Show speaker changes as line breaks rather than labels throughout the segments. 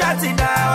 shut it down.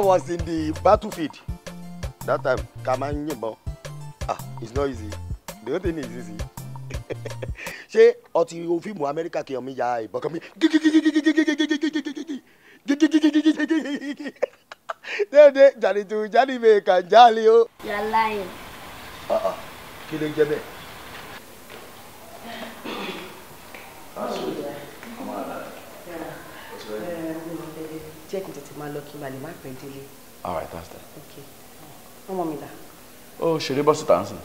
was in the battlefield that time kama ń ah it's not easy the whole thing is easy ṣé ọtí o fíìmù amẹ́ríkà kí ọmọ ya ìbọn kan mi déédéé jàdìtú jáde ìbè kàn jáde o. yàrá yẹn. kí ló ń jẹ bẹ́ẹ̀.
all right that's that. okay ọmọ mi dà.
ó ṣeré bọ́sì tà ń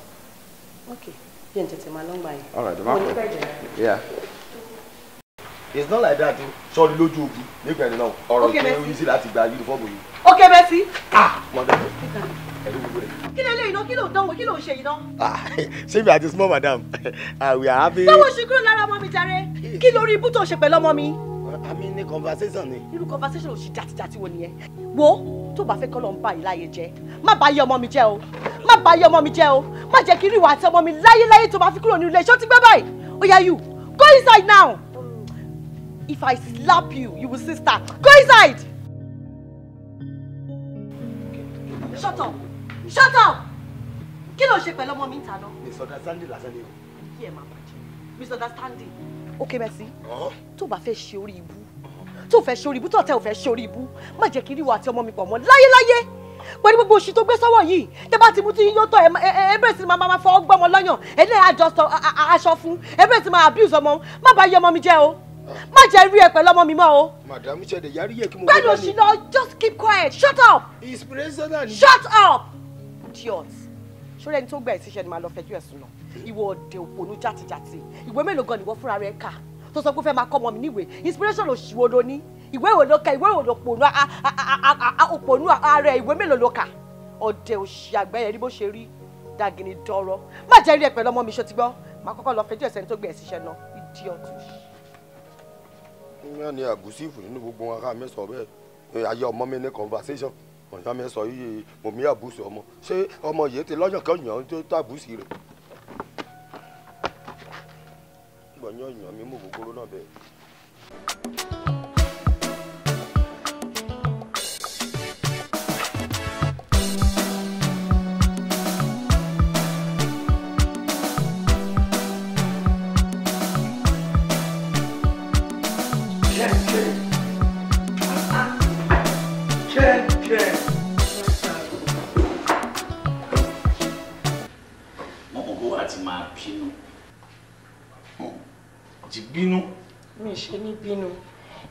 okay bí n tètè máa lọ́ngbà
all right the market. Yeah. it's not like that sọrí lójú ogun
nígbà ẹni náà ọ̀rọ̀ ìpínlẹ̀ wíìsì You gba yunifọ́ọ̀mù yìí.
ok bẹ́sí. ah wọn dẹ ẹni gbogbo rẹ. kí ló lè iná kí ló dánwò kí ló ṣe iná.
Ah, ṣébi àti small madam ah, we are happy. báwo ṣe
kúrò lára mommy Jerry? Kill kí lórí ibùtọ̀ ṣe pẹ̀lú ọmọ mi àmì ní conversation ni. irú conversation ò sì jàtijàti wo nìyẹn wo tó bá fẹ́ kọ́ lọ́n bá yìí láyé jẹ́ má bá yé ọmọ mi jẹ́ o má bá yé ọmọ mi jẹ́ o má jẹ́ kí irú ìwà àti ọmọ mi láyéláyé tó bá fi kúrò ní ilé iṣẹ́ ó ti gbé báyìí ó yá you go inside now if I slap you you will see star go inside. shut up shut up kí ló ṣe pẹ̀lú ọmọ mi ń ta misunderstanding lásán ni o. kí ẹ máa bàjẹ́ misunderstanding. Òkè Mẹ́sì oh. tó bá fẹ́ ṣe orí ibú tó fẹ́ ṣe orí ibú tó tẹ ò fẹ́ ṣe orí ibú má jẹ́ kí ríwọ àti ọmọ mi pọ̀ mọ́ láyéláyé pẹ̀lú gbogbo òṣì tó gbé sọ́wọ́ yìí tẹ bá ti mú tí yóò tọ́ ẹ bẹ̀rẹ̀ sí máa máa fọ́ gbọ́mọ lọ́yàn ẹlẹ́ àjọsọ aṣọ fún ẹ bẹ̀rẹ̀ sí máa abuse ọmọ má bá yẹ ọmọ mi jẹ́ o má jẹ́ rí ẹ pẹ̀lú ọmọ mi mọ́ o.
madam ṣẹlẹ yàrá
yẹ kí mo. pẹ̀lú òṣì lọ just keep quiet shut up. inspiration náà ni. shut up idiot ṣó lẹni tó gbà ẹ síṣẹ́ ni màá lọ fẹjú ẹ̀sùn náà ìwọ ọ̀dẹ̀ òpònú jàtìjàtì ìwé mélòó gan ni wọ́n fúnra rẹ̀ kà tó sọ pé fẹ́ máa kọ́ ọmọ mi níwèé inspiration òṣìwò ló ní ìwé ìwé ló ka ìwé ìwé òpònú òpònú ara ìwé mélòó ló kà ọ̀dẹ̀ òṣì àgbẹ̀yẹ rí bó ṣe rí dàgìnì dọ̀rọ̀ má jẹ́ rí ẹ pẹ̀lú ọmọ mi ṣe ti gbọ́ má kọ́kọ́ lọ fẹjọ́ ẹ̀sẹ̀ tó gbé ẹ̀sìn ṣẹ́ náà ìdí ọ̀tún.
ní àgùsífù nínú gbogbo wọn ká mẹ́sàn-án bẹ́ẹ̀ ayé ọmọ mi ní conversation ọ̀yàn mi sọ yìí mòmí àbùsì ọmọ ṣé ọmọ yìí ti lọ́yàn kan yàn án tó tàbùsì rẹ̀. n y ɔ n y ɔ mi mo gogoro n
Check, check.
dìdì bínú.
mi ṣe ní bínú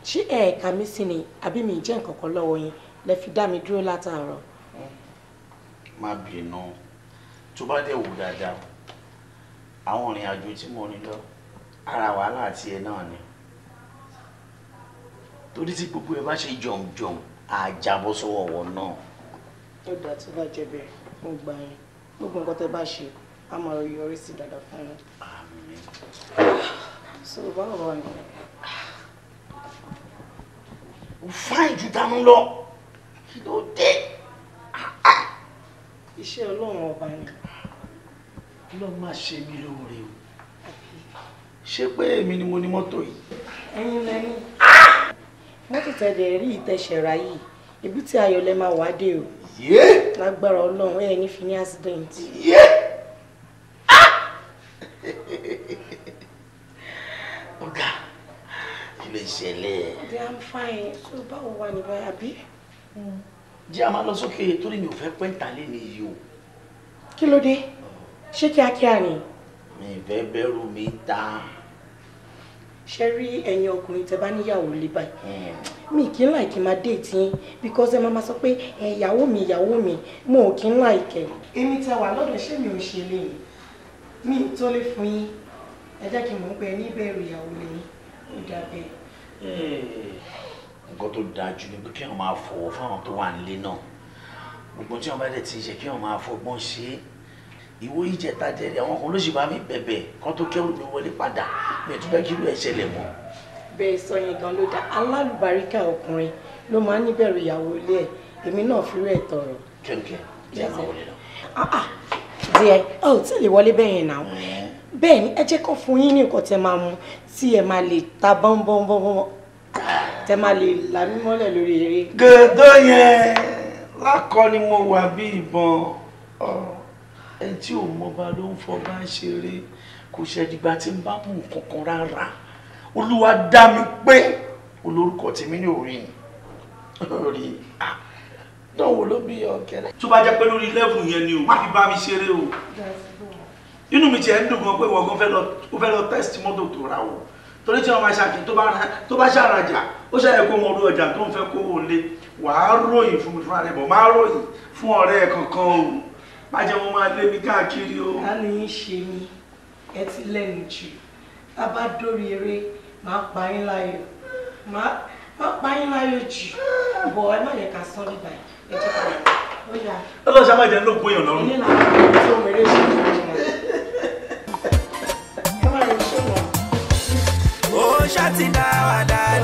ṣé ẹ̀ẹ̀ka mi sì ni àbí mi jẹ́ nǹkan kan lọ́wọ́ yín lẹ fi dá mi dúró látàárọ̀.
má bínú tó bá dẹ̀ wò dáadáa àwọn ìrìn àjò tí mo ní lọ ara wàhálà àti ẹ náà ni torí tí gbogbo ẹ bá ṣe jọ̀mjọ̀m àjàbọ̀ sọ́wọ́ wọn náà.
ó dáa tó bá jẹ mo gbà yín gbogbo nǹkan tẹ bá ṣe a máa yọrí sí dáadáa fún yín so báwo ni. o fáìn ju dánú lọ kí ló dé.
iṣẹ́ ọlọ́run ọba ni. ọlọ́run máa ṣe mí lóore o ṣé pé èmi ni mo ní mọ́tò yìí.
ẹ̀yin lẹni
mọ́tò tẹ̀lé rí ìtẹ̀sẹ̀ra yìí èbúté ayọ̀ lẹ máa wá dé o. lágbára ọlọ́run ẹ̀ ní fi ní accident.
Yeah.
ló ṣẹlẹ̀.
ọdẹ i'm fine so báwo wà ní báyà bí.
Hmm. jẹ́ a máa lọ sókè torí mi ò fẹ́ pẹ́ǹtà lé ní iye o.
kí ló dé oh. ṣé kíákíá ni.
mi fẹ́ bẹ̀rù
mi ta. ṣe rí ẹ̀yin ọkùnrin tẹ bá níyàwó lé báyìí hmm. mi kì í láìkì máa déètì yín because ẹ máa máa sọ pé ìyàwó mi ìyàwó mi mo ò kì í
láìkẹ. èmi tẹ wà lọ́dọ̀ ṣé mi ò ṣe léyìn
mi tó lè fún yín ẹ jẹ́ kí n mọ̀ pé ẹ ní bẹ̀rù ìyàwó lẹ́yìn
ó dà nǹkan tó dáa jù ni pé kí wọ́n máa fọwọ́ fáwọn tó wà nílé náà gbogbo tí wọ́n bá dẹ̀ ti ṣe kí wọ́n máa fọgbọ́n ṣe é ìwọ ìjẹta jẹrẹ àwọn kan ló sì bá mi bẹ̀bẹ̀ kan tó kẹ́rù mi wọlé padà mi ò tún fẹ́ kí irú ẹ̀ ṣẹlẹ̀ mọ́.
bẹ́ẹ̀ sọ yẹn gan ló dá alálùbáríkà ọkùnrin ló máa ń níbẹ̀rù ìyàwó ilé ẹ̀ èmi náà fi rú ẹ̀ tọrọ. kẹ́kẹ́ díẹ̀ máa wọlé lọ. Ah, ah, díẹ̀ oh, ẹ ò tí ì lè wọlé bẹ́ẹ̀ yẹn náà mm bẹ́ẹ̀ ni ẹ jẹ́ kó fún yín ní nǹkan tẹ máa mu tí ẹ máa lè ta bọ́nbọ́nbọ́n tẹ máa lè là mí mọ́lẹ̀ lórí eré. gèdè yẹn
lákọ ni mo wà bí ìbọn ẹ tí ò mọba ló ń fọ bá ń ṣeré kò ṣẹ̀dìgbà tí ń bá mú kankan rárá olúwa dá mi pé olórúkọ tèmi ní orí ni ah náà wo ló bí ọkẹrẹ. tó bá jẹ́ pé lórí lẹ́bùn yẹn ni o má fi bá mi ṣeré o inú mi tiẹ̀ ń dùn gan pé wọ́n gan fẹ́ lọ test mọ́tò tó ra o torí tí wọ́n máa ṣàkí tó bá ṣàrajà ó ṣàyẹ kó wọn ru ọjà tó ń fẹ́ kó o lé wàá ròyìn fún mi fún ara ẹ̀ bọ̀ máa ròyìn fún ọ̀rẹ́ ẹ̀ kankan o má jẹ́ wọn máa lé mi káàkiri o. a ní í ṣe mi ẹ ti lẹ́nu
jù tá a bá dórí eré máa pa yín láyọ̀ máa pa yín láyọ̀ jù bọ̀ ẹ má yẹ ká
sọ́ọ́ nígbà yìí ẹ jẹ́ ká lọ ọlọ́run ṣáà má jẹ́ ló gbóyàn lọ́rùn. ilé náà tó mèrè ṣe dáadáa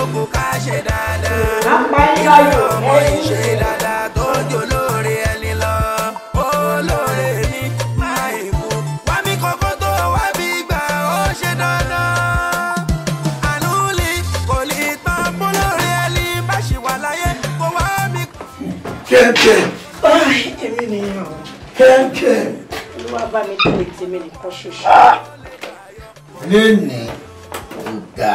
ó kò ká ṣe dáadáa ó yọ ọmọ ìṣe dáadáa.
kẹ́ńkẹ́.
èmi nìyẹn o. kẹ́ńkẹ́. olúwa bá mi tó ètè mi nìkan ṣoṣo. lẹ́nìí ò ga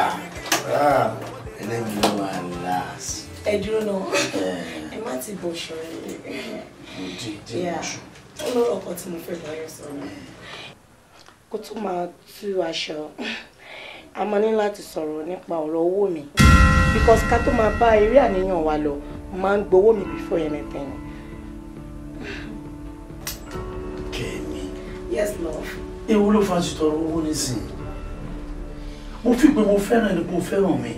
ẹlẹ́gbẹ̀ẹ́
wa last. ẹ dúró náà ẹ má ti bọ̀ ṣọ̀rẹ́ yìí. mo
ti dé oṣù.
ó lọ́rọ̀ ọkọ tí mo fẹ́ bá yọ sọ̀rọ̀ kó tó máa tú aṣọ a máa ní láti sọ̀rọ̀ nípa ọ̀rọ̀ owó mi because ká tó máa bá eré àníyàn wa lọ máa ń gbowó mi before anything. Kẹ́mi. yes love.
ewu ló fa ti tọrọ owó nísìnyí mo fi pé mo fẹ́ràn ẹni pé mo fẹ́ràn mi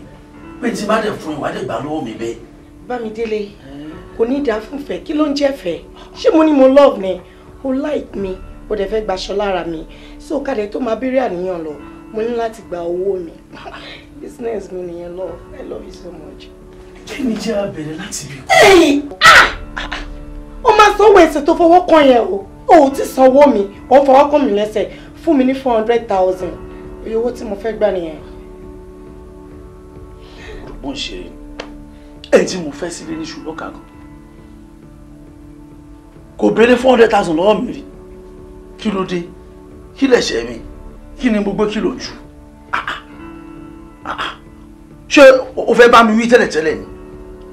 pé tí bá dẹ̀ fún ìwádìí gbà lọ́wọ́ mi bẹ́ẹ̀.
Bámidélé kò ní ìdá fún fẹ́ kí ló ń jẹ́ fẹ́ ṣé mo ní mo love ni o like me? o dẹ̀ fẹ́ gbaṣọ lára mi so kàdé tó máa béèrè àníyàn lọ mo ní láti gba owó mi business mi nìyẹn lọ i love you so
much.
kí ni jẹ́ abẹ̀rẹ̀ láti bí.
ẹyìn ah! ó máa sanwó ẹsẹ̀ tó fọwọ́ kan yẹn o ò tí sanwó mi ò fọwọ́ kan mi lẹ́sẹ̀ fún mi ní four hundred thousand iye owó tí mo fẹ́ gbà nìyẹn.
mo ń ṣe ẹni tí mo fẹ́ sílé ní ṣùgbọ́n kàgàn kò béèrè four hundred thousand lọ́wọ́ mi rí kí ló dé kí lẹ̀ ṣe mi kí ni gbogbo kí ló jù ah, ah, ah, ṣé o fẹ́ bá mi wí tẹ́lẹ̀tẹ́lẹ̀ ni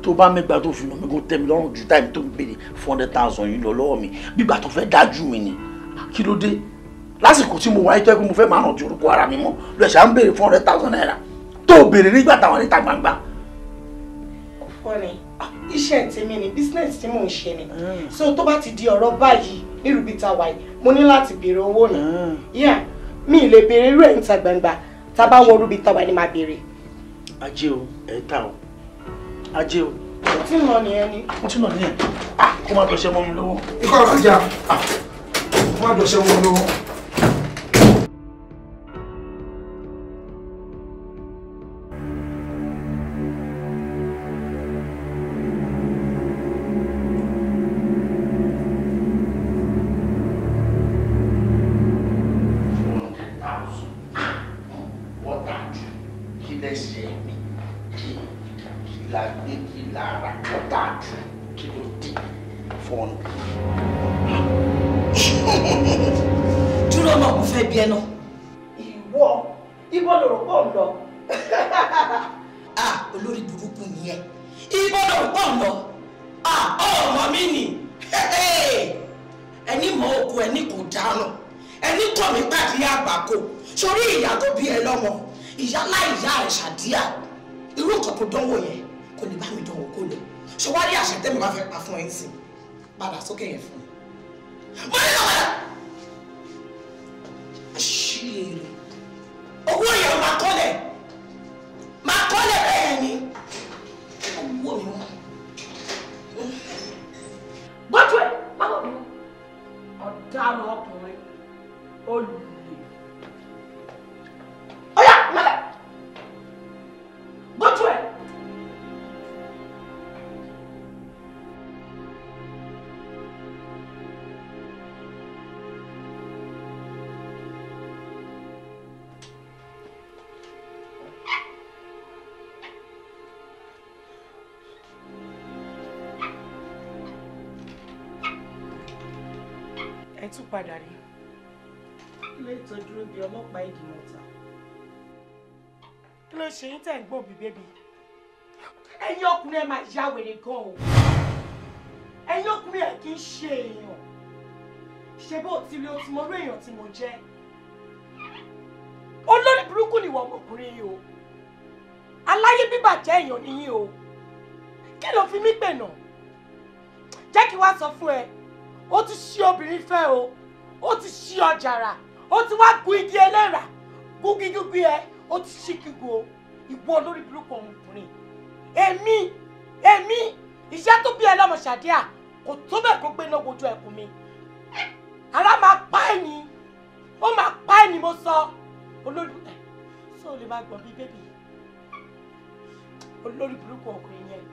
tó bá mẹ́gbà tó fi lọ́mí kó tẹ́ mi lọ́rùn ju táìmù tó ń béèrè four hundred thousand yìí lọ lọ́wọ́ mi bígbà tó fẹ́ dájú mi ni kí ló dé lásìkò tí mo wáyé tó yẹ kó mo fẹ́ máa ràn ju orúkọ ara mi mọ́ lọ ṣáà ń béèrè four hundred thousand naira tó o béèrè nígbà táwọn níta gbangba.
ọ̀fọ̀ ni iṣẹ́ tèmi ni business tí mò ń ṣe ni hmm. so tó bá ti di ọ̀rọ̀ báyìí nírúbi ta wáyé mo ní láti béèrè owó ni hmm mi ì lè béèrè irú ẹ̀ níta gbangba tá a bá wọ rúbi tọ́ba ni máa béèrè.
ajé o ẹ ta
o ajé o.
mo ti nà ní ẹni. mo nà ní ẹ ah, kó má dọ̀ṣẹ́ mọ́ mi lọ́wọ́.
ikọ̀ ọ̀rọ̀ ajá ah, kó má dọ̀ṣẹ́ mọ́ mi lọ́wọ́.
tún padà rí. ilé ìtọ́jú ló bí ọlọ́pàá ìdìmọ̀ ta. kí ló ṣe yín tẹ̀ ń gbọ́ òbí bébí? ẹ̀yin ọkùnrin ẹ̀ máa ya wèrè gan o ẹ̀yin ọkùnrin ẹ̀ kì í ṣe èèyàn ṣe bó ti rí o ti mọ orú èèyàn tí mo jẹ́ olórí burúkú nìwọ ọmọkùnrin yìí o aláyé bíbàjẹ́ èèyàn nìyí o kí ló fi mí pè náà jẹ́ kí wá sọ fún ẹ ó ti ṣí obìnrin fẹ́ o ó ti ṣí ọjàrà ó ti wá gun igi ẹlẹ́ra gúgi gúgi ẹ ó ti ṣí o ìwọ olórí burúkú ọmọkùnrin èmi èmi ìṣẹ́ tó bí ẹ lọ́mọ ṣàdíà kò tó bẹ́ẹ̀ kó gbé náà wojú ẹkùn mi ara máa pa ẹ̀ ní ó máa pa ẹ̀ ní mo sọ olórí ẹ̀ sọ ò lè máa gbọ̀n bí bébì olórí burúkú ọkùnrin yẹn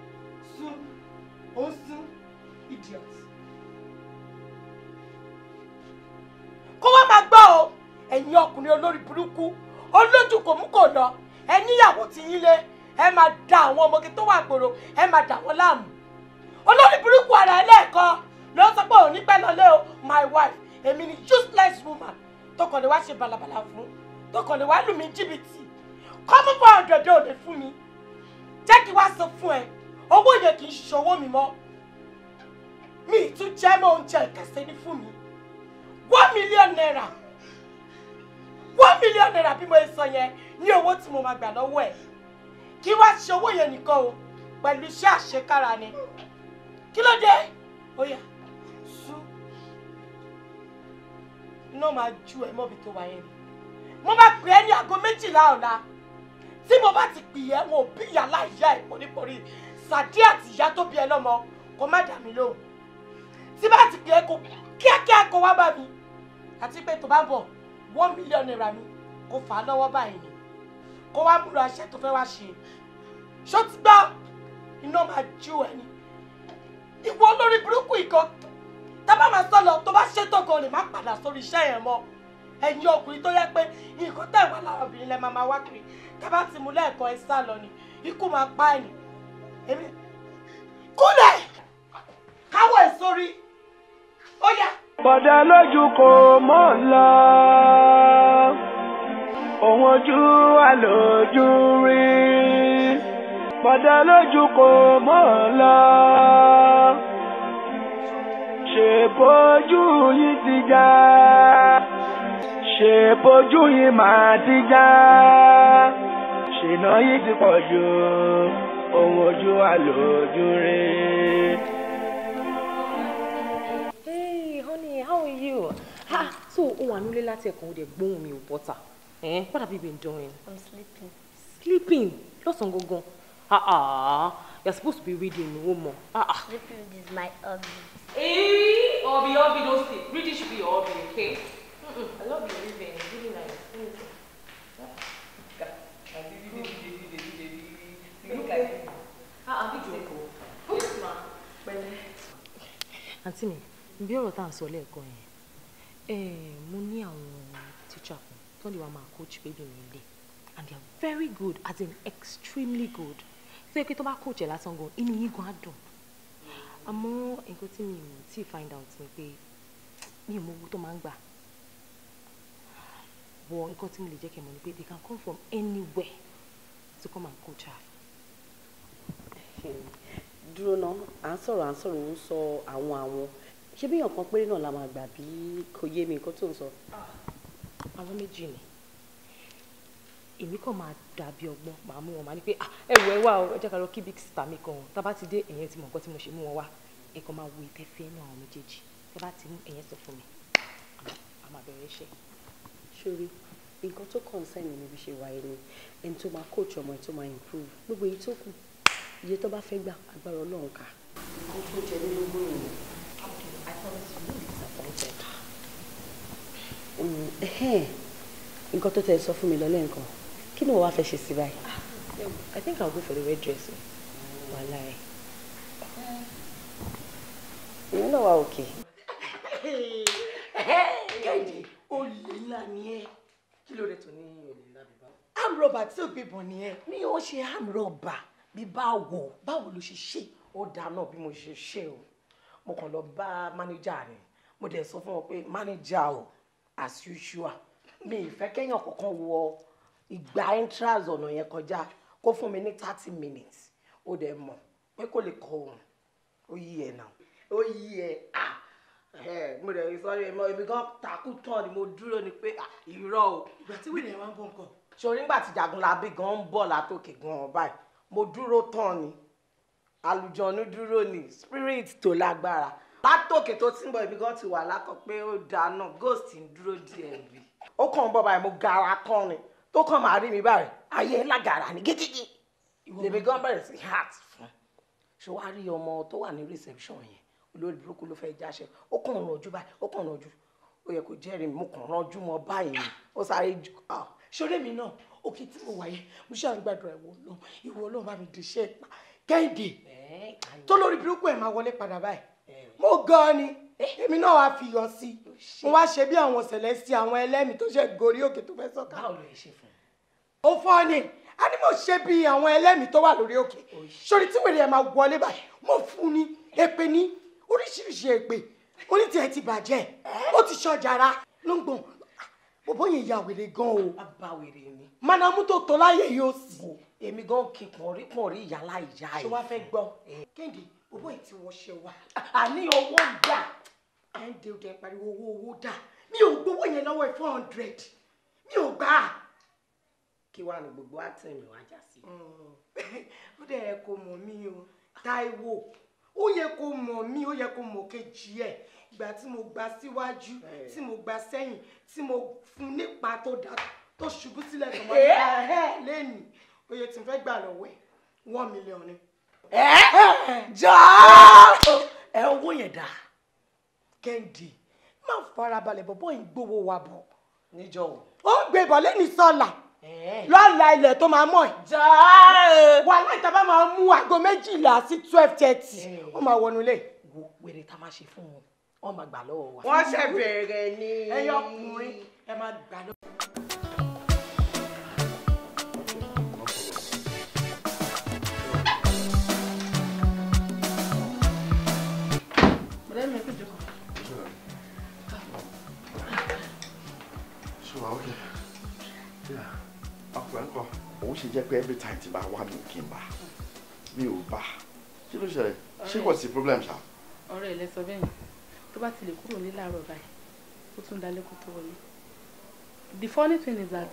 sún ó sún idiot. kó wá máa gbọ́ o ẹ̀yin ọkùnrin olórí burúkú olójú kò mú kò lọ ẹ níyàwó tí yín lé ẹ máa da àwọn ọmọge tó wà gbòòrò ẹ máa dà wọ́n láàmú olórí burúkú ara ẹ lẹ́ẹ̀kan ló sọ pé òun nípẹ́ lọ lé o my wife èmi ni useless woman tó kàn lè wá ṣe balabala fún tó kàn lè wá lù mí jìbìtì kọ́mú fún ọ̀dọ̀dọ̀ òde fún mi jẹ́ kí wá sọ fún ẹ owó yẹn kì í ṣòwò mi mọ́ mi ì tún jẹ́ mọ́ oúnjẹ ìkàsẹ́ ní fún mi one million naira one million naira bí mo sọ yẹn ní owó tí mo máa gbà lọ́wọ́ ẹ̀ kí wá ṣe owó yẹn nìkan o pẹ̀lú iṣẹ́ àṣekára ni kí ló dé oya sú iná máa ju ẹ mọ́bi tó wà yẹn ni mo máa pè é ní aago méjìlá ọ̀la tí mo bá ti pè é wọn ò bí ìyá láìyá ẹ̀ pọ̀nípọ̀rí sàdí àti ìyá tó bí ẹ lọ́mọ kó má dà mí lóhùn tí bá ti pè é kó kíákíá kó wá bá mi àti pé tó bá bọ̀ one million naira mi kò fà á lọ́wọ́ báyìí ni kó wá múra iṣẹ́ tó fẹ́ wá ṣe ṣó ti gbọ́ iná máa jí o ẹni ìwọ olórí burúkú ìkan tábà máa sọ lọ tó bá ṣe tọkàn lè má padà sórí iṣẹ́ yẹn mọ́ ẹ̀yin ọkùnrin tó yẹ pé nǹkan tẹ̀ wá lára obìnrin lẹ máa máa wá kiri tábà ti mú lẹ́ẹ̀kan ẹ sá ni ikú máa pa ẹ̀yìn kúlẹ̀ káwọ̀ ẹ̀ sórí
ó yá bọ̀dá lójú kò mọ̀ lọ òun ojú àlòjú rí bọ̀dá lójú kò mọ̀ lọ ṣe bójú yìí ti já ṣe bójú yìí máa ti já ṣìnà yìí ti pọ̀ jù òun ojú àlòjú rí.
you? Ha! So, oh, I know Lela take all the bone me butter. Eh? What have you been doing?
I'm sleeping.
Sleeping? Lost on go go. Ah ah. You're supposed to be reading, woman. Ah ah. Sleeping is my hobby. Eh? Hobby, hobby, don't sleep. Reading should be your hobby, okay? Mm-mm. I love you reading. really nice. Mm. You look like you. Ah, I'm big Àǹtí mi, bí ọ̀rọ̀ tá à ń sọ lẹ́ẹ̀kan yẹn, Eh, mo ní àwọn teacher kan tó lè wá máa coach baby mi lè and they are very good as in extremely good So yẹ pé tó bá coach ẹ̀ lásán gan inú yín gan á dùn àmọ́ nǹkan tí mi ò tí find out ni pé mi ò mọ owó tó máa ń gbà wọ nǹkan tí mo lè jẹ́ kẹ́ mọ̀ ni pé they can come from anywhere to come and coach her. dúró ná à ń sọ̀rọ̀ à ń sọ̀rọ̀ ń sọ àwọn àwọn ṣé bí èèyàn kan péré náà la máa gbà bí kò yé mi nǹkan tó ń sọ. Ah, àwọn méjì ni èmi kàn máa dàbí ọgbọ́n màá mú wọn màá ní pé ah, ẹ wọ ẹ wá o ẹ jẹ́ ká lọ kí big star mi kan tá a bá ti dé ẹ̀yẹn ti mọ̀ nǹkan tí mo ṣe mú wọn wá ẹ kàn máa wo ìtẹ́fẹ́ náà àwọn méjèèjì tá a bá ti mú ẹ̀yẹn sọ fún mi a máa bẹ̀rẹ̀ iṣẹ́. sori nǹkan tó concern mi níbi ṣe wáyé ni ẹni tó máa coach ọmọ ẹ tó máa improve gbogbo èyí tó kù iye tó bá fẹ́ gbà agbára Ọlọ́run ká. nǹkan tó jẹ nínú gbòòrò nǹkan tó tẹ̀ sọ fún mi lọ lẹ́ǹkan kí ni wàá fẹ́ ṣe sí báyìí. I think I'll go for the red dress wàhálà ẹ̀ ìyẹn náà wà òkè. kẹ́hìndé olè ńlá ni ẹ kí ló dé tó ní olè ńlá bíbá. amrọba tí ò bíbọn ni ẹ mi ò ṣe amrọba bíbá wọ báwo ló ṣe ṣe ó dáa náà bí mo ṣe ṣe o mo kàn lọ bá mánéjà ni mo dẹ̀ sọ fún wọn pé mánéjà o as usual mi ìfẹ́ kéèyàn kankan wọ ìgbà entrance ọ̀nà yẹn kọjá kó fún mi ní thirty minutes ó dẹ̀ mọ̀ pé kò lè kọ òun ó yí ẹ̀ náà ó yí ẹ̀ ah mo dẹ̀ sọ́rí ẹ̀ mọ́ ibi gan takú tán ni mo dúró ni pé irọ́ o. ìgbà tí wíìlì ẹ̀ wá ń bọ̀ nǹkan. sori ńgbà tí Jagunlabi gan ń bọ̀ látòkè gan báyìí mo dúró tán ni àlùjọ̀nù dúró ni spirit tó lágbára látòkè tó ti ń bọ̀ ibi kan ti wà lákọ̀ pé ó dáná ghost ń dúró díẹ̀ bí. ó kàn ń bọ̀ báyìí mo gara tán ni tó kàn máa rí mi báyìí ayé lágara ni gidigidi lèmi gan bẹ̀rẹ̀ sí heart fún ṣé wàá rí ọmọ tó wà ní reception yẹn olórí burúkú ló fẹ́ jáṣẹ ó kàn ń rànjú báyìí ó kàn ń rànjú ó yẹ kó jẹ́rìí mo kàn ránjú mọ́ báyìí ó sáré jù ah, ṣoré mi náà òkè tí mo wà yẹn mo ṣàǹgbàdùn ẹ̀wọ̀ náà ìwọ náà bá mi dèṣẹ́ kẹ́hìndé tó lórí burúkú ẹ̀ máa wọlé padà báyìí mo gan ni eh? èmi náà wàá fi yọ sí oh, mo wá ṣe bí àwọn sẹlẹsì àwọn ẹlẹ́mìí tó ṣe gorí òkè tó fẹ́ sọ́ka. báwo ló yẹ ṣe ó fọ́ ni a ní mo ṣe bí àwọn ẹlẹ́mìí tó wà lórí òkè oh, sórí tí wèrè ẹ̀ máa wọlé báyìí mo fún ni èpè ní oríṣiríṣi èpè oní tiẹ̀ ti bàjẹ́ eh? ó ti ṣọjà ra ló bóbó yìí ya wèrè gan o. àbá wèrè ni. manamu tó tọ́ láyé yìí ó sì. èmi gan kí pọ̀nrí pọ̀nrí ìyálà ìyá ẹ̀. ṣé wàá fẹ́ gbọ́. Eh. kéde bóbó yìí ti wọṣẹ wa. àní owó dà. ẹ ń de òde pariwo owó owó dà mi ò gbowó yẹn lọ́wọ́ ẹ̀ four hundred mi ò gbà á. kí wàá ní gbogbo àtẹ̀mí wa jà sí. Mm. ó dẹ̀ ẹ kò mọ̀ o Táíwò ó yẹ kó mọ̀ mí ó yẹ kó mọ̀ kejì ẹ̀ ìgbà tí mo gba síwájú tí mo gba sẹ́yìn tí mo fún nípa tó dá tó ṣubú sílẹ̀ tó máa ń bá lẹ́nu oye tí n fẹ́ gbà lọ́wọ́ ẹ̀ one million ni. ẹ jọ ẹ owó yẹn dá kẹ́hìndé má farabalẹ̀ bọ́bọ́ yìí gbowó wa bọ̀. níjọ o. ó ń gbé bọ̀ lẹ́nu sọ́la lọ́la ilẹ̀ tó máa mọ̀ ẹ̀. wà láìta bá máa mú aago méjìlá sí twelve thirty ó máa wọnú ilé. wo wèrè tá máa ṣe fún wọn wọ́n máa gbà lọ́wọ́ wa. wọ́n ṣe bẹ̀rẹ̀ ni. ẹyọ ọkùnrin ẹ máa gbà lọ́wọ́.
òun ṣe jẹ́ pé every time ti bá wà mí kí n bá mi ò bá kí ló ṣẹlẹ̀ ṣé kò sí problem ṣá.
ọ̀rẹ́ ẹ lẹ sọ bẹ́ẹ̀ yẹn tó bá ti lè kúrò ní láàárọ̀ báyìí ó tún dalẹ́ kó tó wọlé the funny thing is that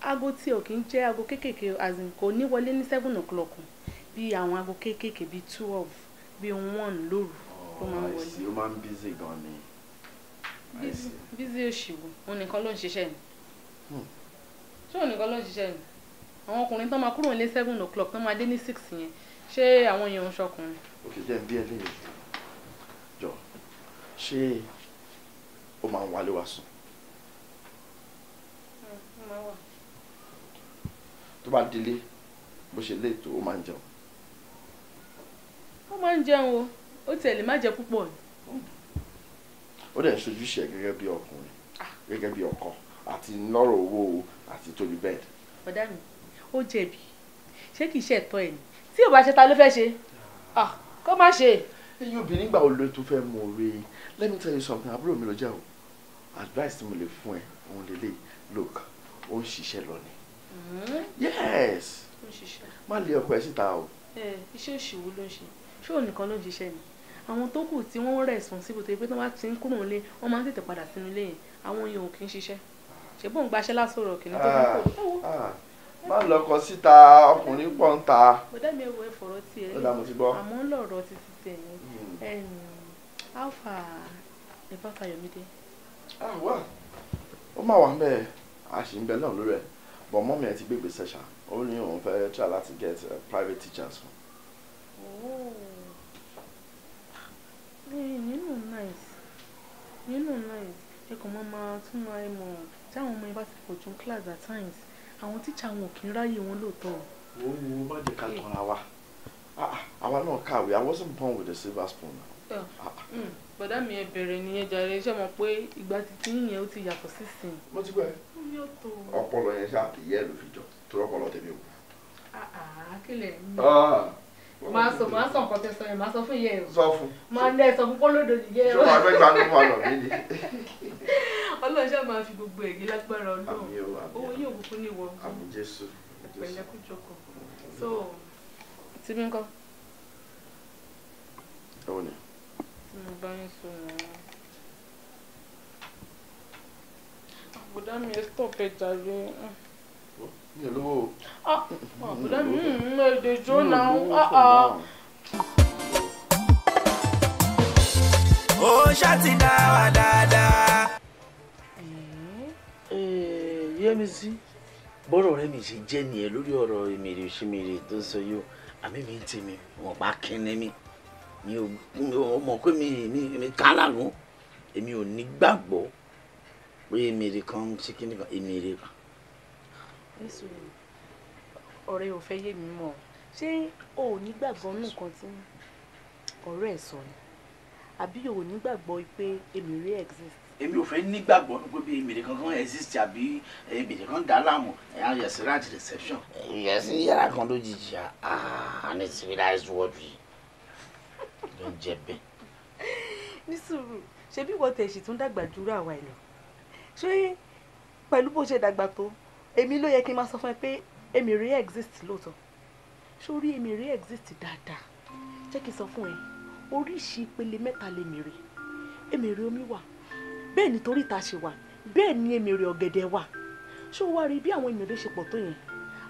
aago tí ò kì í jẹ́ aago kéékèèké as in kò ní wọlé ní seven o'clock bí àwọn aago kéékèèké bíi twelve bíi one lóru ló máa ń oh, wọlé.
ó máa ń busy gan ni.
busy òṣìwò òun nìkan ló ń ṣiṣẹ́ ni hmm. ṣé òun nìkan ló ń ṣiṣẹ́ ni àwọn ọkùnrin tó máa kúrò ní seven o'clock tó máa dé ní six yẹn ṣé àwọn èèyàn ń ṣọkùnrin.
òkè jẹ́ ń bí ẹ léyìn ṣé ó máa ń wálé wá sùn. Mm, tó bá délé bó ṣe léètò ó máa ń jẹun.
ó máa ń jẹun o ó tẹ̀lé má jẹ púpọ̀ ni.
ó dẹ̀ ń ṣojú ṣe gẹ́gẹ́ bí ọkùnrin gẹ́gẹ́ bí ọkọ àti lọ́rọ̀ owó àti tóbi bẹ́ẹ̀dì.
ọ̀dà mi ó jẹ̀bi ṣé kìí ṣe ẹ̀tọ́ ẹ̀ ni tí ò bá ṣe ta ló fẹ́ ṣe ah, kó má ṣe ẹ̀yin
obìnrin gbà ó lóyún tó fẹ́ mọ òwe let me tell you something àbúrò mi ló jẹ́ o advice tí mo lè fún ẹ òun lélẹ̀ look ó ń ṣiṣẹ́ lọ ni.
Mm-hmm. yes
má lé ọkọ ẹ síta o.
iṣẹ́ òṣìwò ló ń ṣe ṣé òun nìkan ló ń ṣiṣẹ́ ni àwọn tó kù tí wọ́n responsible tó yẹ pé tí wọ́n bá ti ń kúrò nílé wọ́n máa ń tètè padà sínú ilé yẹn àwọn èèyàn ò kì í ṣiṣẹ́ ṣùgbọ́n gbaṣẹ́ lásòrò kì í tó fi
kò tó wò. má lọkọ síta ọkùnrin pọ̀ ń ta.
bọ́dá mi ẹ wo ẹ fọ̀rọ̀ tiẹ̀ àmọ́ ń lọ̀rọ̀ títí tẹ̀yìn how far ẹ̀bá Fayọ̀mídé.
àwa ó mà wà ń bẹ́ẹ̀ a I should be alone. but mọ́mí ẹ̀ a gbé session. Only on ní òun to get uh, private teachers
Oh, nínú nice
nínú nice You know, nice. máa tún máa my táwọn ọmọ yẹn bá ti pọ̀ ju class at times àwọn tíṣà wọn ò kí ń ráyè wọn lóòótọ́.
wo wo má jẹ́ ká tọ́ra I was not kàwé I wasn't born with a silver spoon. But generation.
My bọ̀dá mi ẹ bẹ̀rẹ̀ nìyẹn jàre ṣé mo I'm ìgbà títí yẹn ó ti yàtọ̀ sísìn. mo ti gbẹ
ọpọlọ yẹn ṣáà kì í yẹ ló fi jọ torí ọpọlọ tèmi ò. Ah, ah, kílẹ̀ ah.
máa sọ máa sọ nǹkan tẹ sọ yẹn máa sọ fún yẹ o. sọ fún. máa ń dẹ sọ fún kólódò nìyẹn o. ṣé wàá fẹ́ gba nínú ọ̀nà mi ni.
ọlọ́run ṣáà máa fi gbogbo èyí lágbára ọlọ́run owó yóò
kúkú ní ìwọ. àmì jésù. pẹ̀lẹ́kùjọkọ̀ so tí mi kọ́. ẹ̀wọ̀n ni. tí mo bá ń sùn náà. àbùdá mi ah stop ẹ jàre.
ní ìlú wo. àbùdá mi ń mú èdè jóná.
ó ṣáàtì dá wa dáadáa.
yẹ́mi sí bọ́rọ̀ rẹ̀ mi ṣe jẹ́ nìyẹn lórí ọ̀rọ̀ èmèrè òṣèmèrè tó sọ yìí o àmì mi ti mi wọn bá kíni mi mi ò mọ̀ pé mi mi mi kálá nù èmi ò ní gbàgbọ́ pé èmi rè kan sí kíni kan èmi rè kan.
ọ̀rẹ́ ò fẹ́ yé mi mọ́ ṣé o ò ní gbàgbọ́ nǹkan tí ọ̀rẹ́ ẹ̀ sọ ni àbí o ò ní gbàgbọ́ pé
èmi exist èmi ò fẹ́ nígbàgbọ́ pé bí èmìrì kankan exist àbí èmìrì eh, kan dá láàmú ẹ̀yà yẹ̀sí right reception. yẹ̀sí yàrá kan lójijì à ah, ah, ní civilized world yìí
ló ń jẹ bẹ́ẹ̀. ní sùúrù ṣé bí wọ́n tẹ̀sí tún dàgbà jùlọ àwa ẹ̀ lọ ṣé pẹ̀lú bó ṣe dàgbà tó èmi ló yẹ kí n máa sọ fún ẹ pé èmìrì exist lóòótọ́ sórí èmìrì exist dáadáa jẹ́ kí n sọ fún ẹ oríṣi ìpele mẹ́ta lèmìrì èmìrì omi wà bẹ́ẹ̀ ni torí ta ṣe wà bẹ́ẹ̀ ni èmèrè ọ̀gẹ̀dẹ̀ wà ṣé o wá rí bí àwọn èmèrè ṣe pọ̀ tó yẹn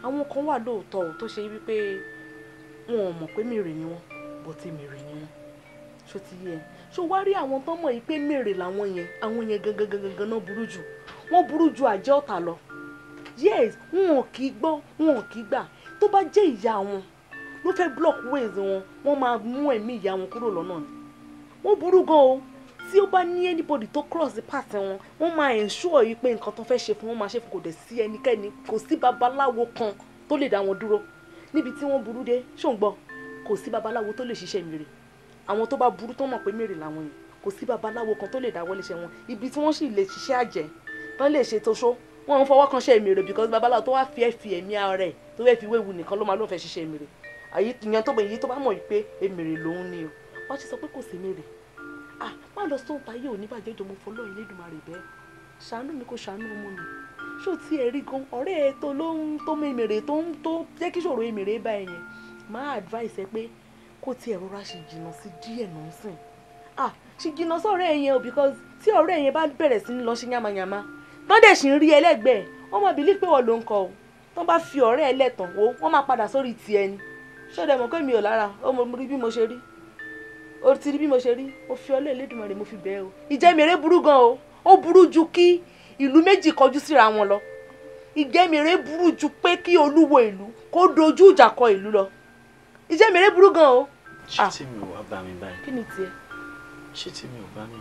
àwọn kan wà lóòótọ́ tó ṣe wípé wọn ò mọ̀ pé mèrè ni wọn bọ́tí mèrè ni wọn ṣó ti yẹ ṣó wá rí àwọn tó mọ̀ yìí pé mèrè làwọn yẹn àwọn yẹn gangan gangan gangan náà burú jù wọ́n burú ju àjẹ́ ọ̀tà lọ yes wọn ò kì í gbọ́ wọn ò kì gbà tó bá jẹ́ ìyá wọn ló fẹ́ block ways wọn wọ́n máa mú ẹ̀mí ìyá wọn kúrò lọ́nà ni wọ́n burú gan o tí ó bá ní anybody tó cross the path wọn wọ́n máa ensure yìí pé nǹkan tó fẹ́ ṣe fún wọn máa ṣe fún kò dẹ̀ sí ẹnikẹ́ni kò sí babaláwo kan tó lè dá wọn dúró níbi tí wọ́n burú dé ṣòǹgbọ́ kò sí babaláwo tó lè ṣiṣẹ́ mèrè àwọn tó bá burú tó mọ̀ pé mèrè làwọn yìí kò sí babaláwo kan tó lè dáwọ́ léṣe wọn ibi tí wọ́n sì lè ṣiṣẹ́ àjẹ́ tán lè ṣe toṣó wọn ń fọwọ́ kan ṣe mèrè because babaláwo tó wá fi ẹ̀ fi ẹ̀mí ara ẹ̀ tó fẹ́ fi wéwu nìkan ló máa ló ń fẹ́ ṣiṣẹ́ mèrè àyè ìyẹn tó bẹ̀ yìí tó bá mọ̀ wípé èmèrè lòun ni o wọ́n ti sọ pé kò sí mèrè ah má lọ sóhun táyé òní bàjẹ́ jọmọ fọlọ́ Elédùmarè bẹ́ẹ̀ ṣàánú mi kò ṣàánú ọmọ mi ṣó ti ẹ̀rí gan ọ̀rẹ́ ẹ tó ló ń tó mèmèrè tó ń tó jẹ́ kí ṣòro èmèrè bá ẹ yẹn má advice ẹ pé kó tiẹ̀ rọra ṣì jìnnà sí díẹ̀ nà sìn ah ṣì jìnnà sọ̀rọ̀ ẹ yẹn o because tí ọ̀rẹ́ ẹ yẹn bá bẹ̀rẹ̀ sí ní lọ ṣe yamayama tán dẹ̀ ṣì ń rí ẹlẹ́gbẹ̀ẹ́ wọ́n máa believe pé wọ́n ló ń kọ o tán bá fi ọ̀rẹ́ ẹ lẹ́tàn wo wọ́n máa padà sórí tiẹ̀ ni ṣó dẹ̀ mọ̀ pé mi ò lára ó mo rí bí mo ṣe rí o ti rí bí mo ṣe rí o fi ọlọ́ Elédùmarè mo fi bẹ́ẹ̀ o ìjẹ́mìrè burú gan o ó burú ju kí ìlú méjì kọjú síra wọn lọ ìjẹ́mìrè burú ju pé kí olúwo ìlú kó dojú ìjà kọ ìlú lọ ìjẹ́mìrè burú gan o.
ṣé ah. tí mi ò wá bá mi báyìí. kí ni tiẹ̀. ṣé tí mi ò bá mi.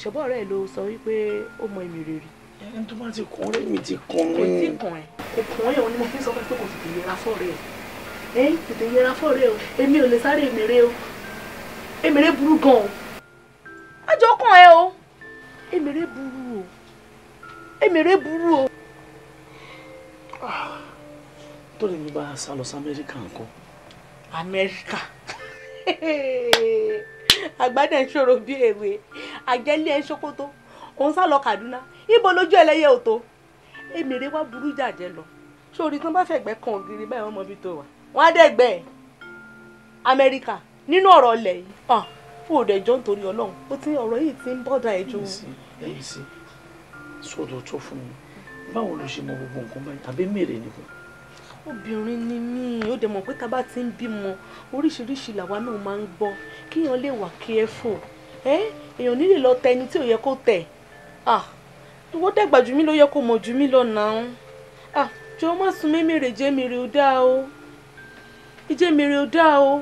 ṣùgbọ́n ọ̀rẹ́ ẹ̀ ló sọ wípé ó mọ èmi rè rí. ẹni tó bá ti kàn ọ́ rẹ̀ mi ti kàn mí. kò tí kàn ẹ́ kò kàn ẹ́ òun ni mo fi sọ fún ẹ pé kò sì tètè yẹra fọ́ọ̀rẹ́ o èmi ò lè sáré èmèrè o èmèrè burú gan o. ọjọ́ kàn ẹ́ o èmèrè burú o èmèrè burú o.
Ah, tó lè ní bá a sá lọ sí amẹ́ríkà nǹkan.
amẹ́ríkà àgbàdo ẹ̀ ń ṣòro bí èwe àjẹlé ẹ̀ ń ṣòkòtò òun sá lọ Kaduna ibo lójú ẹlẹ́yẹ ò tó èmèrè wá burú jàjẹ́ lọ sórí tí wọ́n bá fẹ̀gbẹ́ kan ògiri báyìí wọ́n mọ ibi tó wà wọ́n á dẹ̀gbẹ́ ẹ̀ amẹ́ríkà nínú ọ̀rọ̀ ilẹ̀ yìí fún òde ìjọ nítorí ọlọ́run ó ti ọ̀rọ̀ yìí ti ń bọ́dà ẹ̀jọ́.
èyí sí sọ́dọ̀ tó fún mi báwo ló ṣe mọ gbogbo nǹkan báyìí àbí mèrè nìkan.
obìnrin ni mí ó dẹ̀ mọ̀ pé tá a bá ti ń bímọ oríṣiríṣi làwa náà máa ń gbọ́ kíyàn lè wà careful ẹ èèyàn nílè lọ tẹ ẹni tí ò yẹ kó tẹ ìwọ dàgbà jù mí ló yẹ kó mọ̀ jù mí lọ náà jọ má sun mímèrè jẹ́ mi rí o dáa o ìjẹ́ mèrè ò dáa o.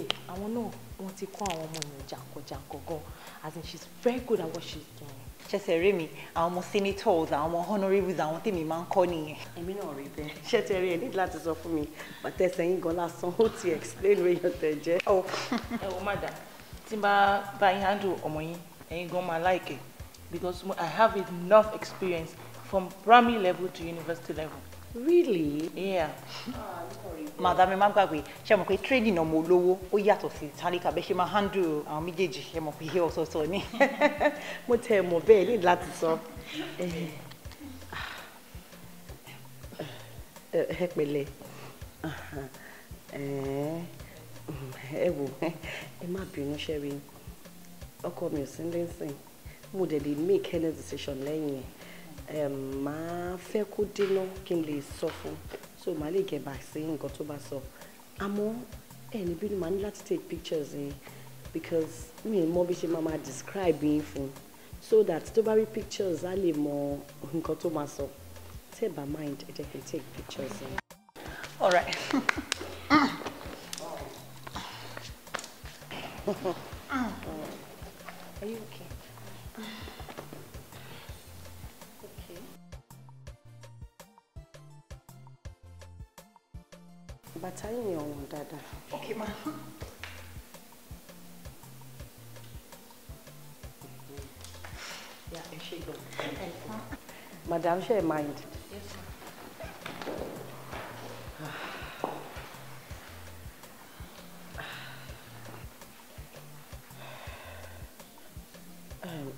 today àwọn náà wọ́n ti kọ́ àwọn ọmọ èèyàn jàǹkànjàǹkàn gan as in she is very good at what she is doing. ṣẹ̀ṣẹ̀ rí mi àwọn ọmọ senators àwọn ọmọ honourables àwọn tèmi máa ń kọ́ nìyẹn. èmi náà rí bẹ́ẹ̀ ṣẹ̀ṣẹ̀ rí ẹ ní láti sọ fún mi pàtẹ́sẹ̀ yín gan lásán ó ti explain wéyàn tẹ̀ jẹ́. Oh. ẹ wo madam tí n bá bá yín handle ọmọ yín ẹ̀yin gan máa like it because I have enough experience from primary level to university level really. yeah madam ẹ má gbàgbé ṣe mọ̀ pé training ọmọ olówó ó yàtọ̀ sí tálíkà bẹ́ẹ̀ ṣe máa handle àwọn méjèèjì ṣe mọ̀ pé iye ọ̀tọ̀ọ̀tọ̀ ni mo tẹ ẹ mọ̀ bẹ́ẹ̀ ní láti sọ. Eh. Eh, ẹ pẹ̀lẹ́ ẹ eh. wò ẹ má bínú ṣẹ́rí ọkọ mi ò sí lẹ́sìn mo dẹ̀ lè make any decision lẹ́yìn ẹ̀ máa fẹ́ kó dínà kí n lè sọ fún so màá lè gẹ̀bà sí nǹkan tó bá sọ àmọ́ ẹ̀ níbí màá ní láti take pictures yẹn because mi ì mọ bí ṣe máa máa describe yín fún so that tó bá rí pictures á lè mọ nǹkan tó máa sọ tẹ́ bá mind ẹ jẹ́ kí n take pictures yẹn. all right. are you okay? bàtà yìí ọ̀wọ́n dáadáa. ok ma. ya ẹ ṣe gbọ́. madam ṣe mind. yes ma.
Um.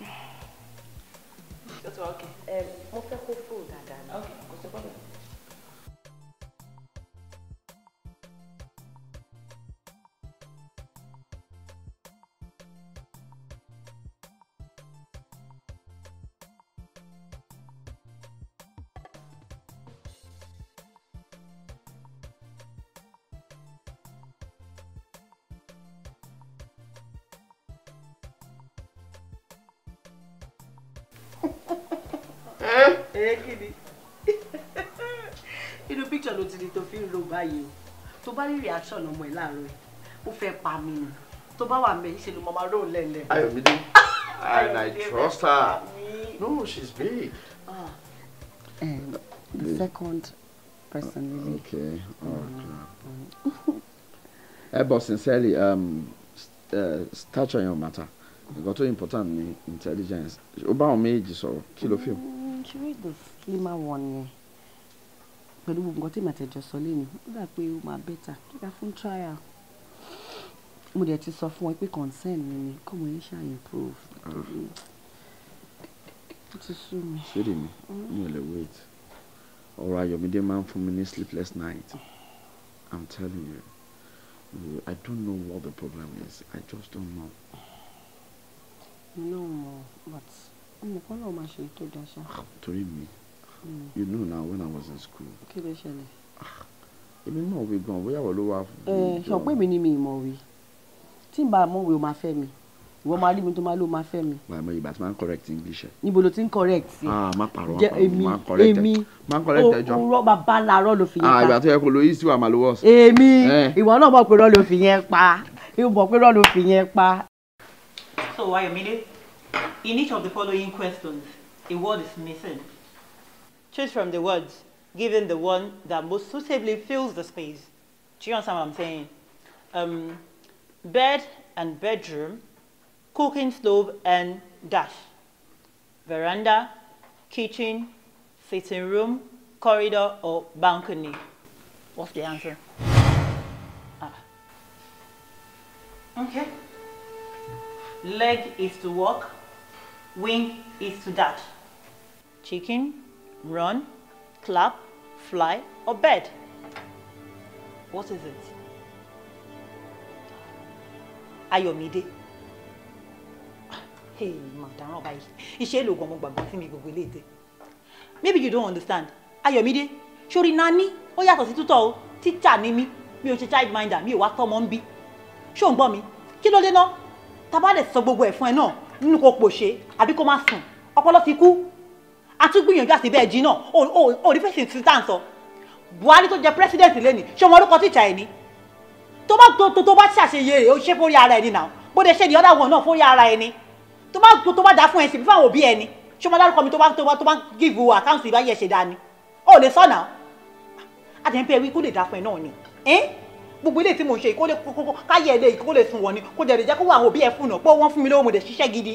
That's okay
mo fẹ́ kó flow dáadáa ni kò sí pọ́nlẹ̀. bá rí reaction ọmọ ẹ láàárọ̀ yìí ó fẹ́ pa mí ni tó bá wà mẹ́ ìṣèlú
mama rò lẹ́lẹ̀. Ayọ̀mídé and I trust her no she's big. Ah.
Um, the second person really. Okay, okay.
Mm-hmm. Eh, but sincerely, um, uh, stature your matter. Nǹkan tó important ni intelligence. Ó bá àwọn méjì sọ̀rọ̀ kí ló fi.
Ṣé o the slimmer one yẹn? pẹ̀lú gbogbo nǹkan tí màá tẹ̀jọ sọ lé mi ó dà pé ó máa bẹ́tà kíkà fún trial mo dẹ̀ ti sọ fún wọn pé concern mi ni kọ́mọ yẹn ṣáà improve ó ti sú mi.
ṣéde mi mi ò lè wait ọ̀rọ̀ Ayọ̀mídé máa ń fún mi ní sleepless night I'm telling you I don't know what the problem is I just don't know.
no mo but mo kọ́ náà máa ṣe ètò ìdáṣà.
Ah, torí mi you know now when I was in school.
kí ló ṣẹlẹ̀. Ah,
èmi mọ̀ wí gan bóyá wọ́n ló wá. ẹ ṣọpẹ́
mi ni mi mọ̀ wí tí n bá mọ̀ wí o máa fẹ́ mi ìwọ máa rí mi tó máa ló máa fẹ́ mi.
màá mọ ìgbà tí màá correct english ẹ.
níbo ló ti ń correct. ah
má parọ́ má correct èmi èmi o
rọ́bà bá làárọ̀ ló fi yẹn ah, pa. ah ìgbà
tó yẹ kó lo east wa máa lo west. èmi
ìwọ náà mọ̀ pé rọ́ ló fi yẹn pa ìwọ mọ̀ pé rọ́ ló fi yẹn pa. so Ayomide in each of the following questions a word is missing. Choose from the words, given the one that most suitably fills the space. Do you understand what I'm saying? Um, bed and bedroom, cooking stove and dash, veranda, kitchen, sitting room, corridor or balcony. What's the answer? Ah. Okay. Leg is to walk, wing is to dash. Chicken, run, clap, fly, or bed? What is it? Ayomide. Hey, madam, báyìí. Iṣẹ́ èlò gan-an gbàgbọ́ sí mi gbogbo ilé ìdè. Maybe you don't understand. Ayomide. ṣorí Nani, Oya, yàtọ̀ sí tútọ̀ o, tíṣà ni mí, mi ò ṣe childminder, mi ò wá tọ́mọ ń bí. Ṣé ò ń gbọ́ mi? Kí ló dé náà? Tá bá dẹ̀ sọ gbogbo ẹ̀ fún ẹ náà nínú kò pòṣe àbí kò má sùn, ọpọlọ ti kú a tún gbìyànjú àti bẹ́ẹ̀ jìnnà ò ní fèsì sí tàǹsọ Buhari tó jẹ president lẹ́ni ṣé ọmọ orúkọ tíjà ẹ̀ ni tó bá tó tó bá ṣàṣeyẹ rẹ̀ ó ṣe fórí ara ẹni náà bó de ṣe ni ọ̀dà wọn náà fórí ara ẹni tó bá tó bá dá fún ẹsìn fún àwọn òbí ẹni ṣé ọmọ dárúkọ mi tó bá tó bá tó bá gíìvù àkáǹtì ìbáyé ẹ̀ṣẹ̀ dání ó lè sọ̀nà àtẹ̀yìnpẹ́ wí kó lè dá fún ẹ náà ni gbogbo ilé tí mo ń ṣe kó lè kókó káyé ilé kó lè sun wọ̀ ni kó jẹ̀rẹ̀ jẹ́ kó wà àwọn òbí ẹ fún un náà pé wọ́n fún mi lówó mo dẹ̀ ṣiṣẹ́ gidi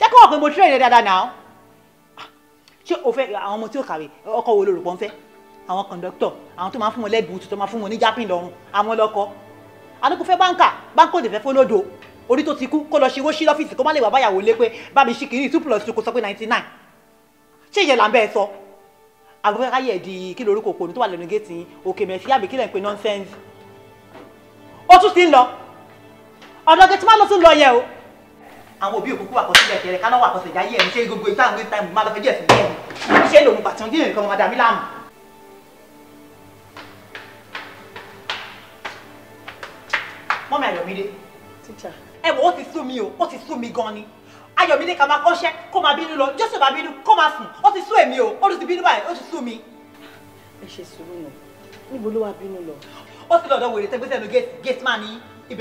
jẹ́ kó wà pé mo tírẹ̀ rẹ̀ dáadáa náà ṣé o fẹ́ àwọn ọmọ tí o kàwé ọkọ wo lorúkọ ń fẹ́ àwọn kọ̀ǹdọ́tọ̀ àwọn tó máa fún wọn lẹ́bùú tó máa fún wọn ní jápìn lọ́rùn àwọn lọ́kọ àdókò fẹ́ báńkà báńkò lè fẹ́ fọlọ́dọ̀ orí tó ti kú kó lọ ṣe sí lọ́fíìsì kó má lè wà báyàwó lé pé bá mi two plus two kó sọ pé ninety nine ṣé ìyẹn là ń bẹ́ẹ̀ sọ àgbẹ̀fẹ́ káyẹ̀ di kí lorúkọ òpònú tó wà lẹ́nu géètì òkè mẹ́sì àbí kílẹ̀ ń pe nonsense ó tún ti ń lọ ọ̀dọ̀ gẹ̀tì má lọ tún lọ yẹn o àwọn òbí òkúkú àkọsílẹ̀ tẹ̀rẹ̀ káná wà àkọsílẹ̀ jáyé ẹ̀mí ṣe gbogbo ìta àwọn ìta ìmọ̀ abẹ́fẹ́jọ́ ẹ̀sìn bẹ́ẹ̀ ni ṣé lòun pàtí wọn kí nǹkan ọmọdé àmì láàmú. mọ́mí Ayọ̀mídé ẹ wò ó ti sú mi o ó ti sú mi gan ni Ayọ̀mídé ká máa kọ́ṣẹ́ kó máa bínú lọ Jésù máa bínú kó máa sùn ó ti sú èmi o ó ti bínú báyìí ó ti sú mi. ẹ ṣe sùúrù nù níbo ló wàá bínú lọ. ó ti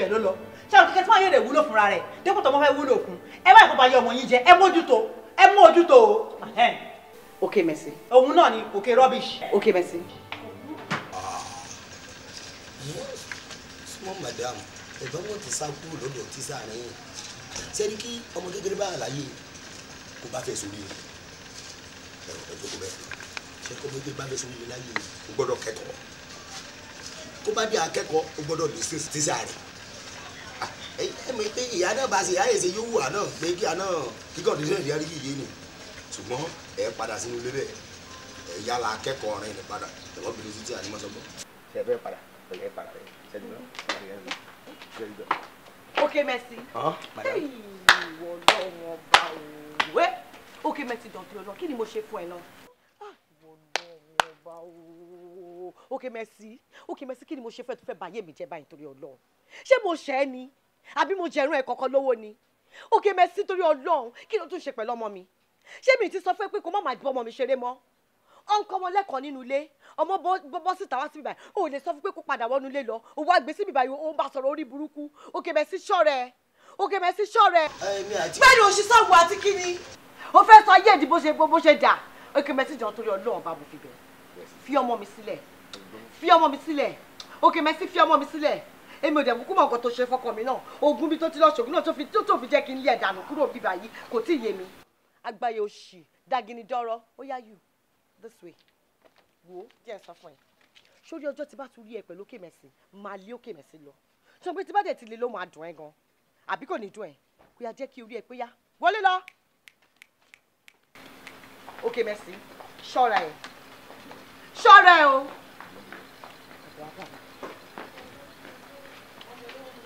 lọ sẹ́wọ̀n kíkẹ́ tí wọ́n yóò lè wúlò fúnra rẹ̀ dépò tó mọ́ fẹ́ wúlò fún ẹ bá ìkọ́ba yọ ọmọ yín jẹ ẹ mójútó ẹ mójútó o. ok merci. òun náà ni ok rubbish. ok merci. small madam ẹ̀gbọ́n wọn ti sá kúrò lọ́dọ̀ tí sáàrin
yìí sẹ́ni kí ọmọ kékeré bá àlàyé kó bá fẹ́ sórí ẹ̀rọ ẹ̀jọ́ kó bẹ́ẹ̀ ṣe kó bẹ́ẹ̀ bá fẹ́ sórí láyé kó gbọ́dọ̀ kẹ́kọ̀ọ́ kó bá dé akẹ́kọ̀ọ́ kó gbọ́dọ̀ lè ṣe tí ẹ mọ̀ pé ìyá náà bá ṣe ìyá yẹn ṣe yóò wù àná pé kí àná kíkọ́ dídé ìyá rí yìí ni ṣùgbọ́n ẹ padà sínú ilé bẹ́ẹ̀ ẹ yálà akẹ́kọ̀ọ́ rẹ̀ ní padà ẹ̀wọ́n bìrì sí ti ànímọ́sọ́gbọ́. ṣe fẹ́ padà ṣe padà rẹ̀ ṣe ti lọ ṣe ti lọ.
Oké Mercy. ìwọ lọ́wọ́ ọba òwe Oké Mercy dọ̀tí ọlọ́ kí ni mo ṣe fún ẹ náà. Ah, ìwọ lọ́wọ́ ọba òwe Oké Mercy Oké Mercy kí ni mo ṣe fún tó fẹ́ báyé mi jẹ́ báyìí torí Ọlọ́run ṣé mo ṣẹ́ ni àbí mo jẹ̀rún ẹ̀ kọ̀ọ̀kan lówó ni òkè mẹ́sì torí ọlọ́run kí ló tún ṣe pẹ̀lú ọmọ mi ṣé mi ti sọ fún ẹ pé kó má máa bọ́ ọmọ mi ṣeré mọ́ ọ ń kọ́ ọmọ lẹ́kọ̀ọ́ nínú ilé ọmọ bọ́ síta wá síbi báyìí ó lè sọ fún pé kó padà wọnú ilé lọ òun wá gbé síbi báyìí ó ń bá sọ̀rọ̀ orí burúkú òkè mẹ́sì ṣọ́ọ̀rẹ́ òkè mẹ́sì ṣọ́ọ̀rẹ́ bẹ́ẹ̀ ni òṣìṣẹ́ òwò àti kíni ó fẹ́ sọ ayé ìdí bó ṣe bó ṣe dà òkè mẹ́sì jọ torí ọlọ́run bá mo fi bẹ̀rẹ̀ fi ọmọ mi sílẹ̀ fi ọmọ mi sílẹ̀ òkè mẹ́sì fi ọmọ mi sílẹ̀ èmi ò dẹ̀ mú kú mọ̀ nǹkan tó ṣe fọkọ mi náà ogun bí tó ti lọ ṣògùn náà tó fi tó fi jẹ́ kí n lé ẹ̀dànù kúrò bíbá yìí kò tí ì yé mi. àgbáyé òṣì dagini dọ́rọ́ ó yá you this way wo díẹ̀ sọ fún ẹ sórí ọjọ́ tí bá tún rí ẹ pẹ̀lú òkè mẹ́sìn máa lé òkè mẹ́sìn lọ sọ pé tí bá dẹ̀ ti lè ló máa dùn ẹ gan àbí kò ní dùn ẹ kó yá jẹ́ kí orí ẹ pé yá wọlé lọ òkè mẹ́sìn ṣọ́ra ẹ ṣọ́ra ẹ o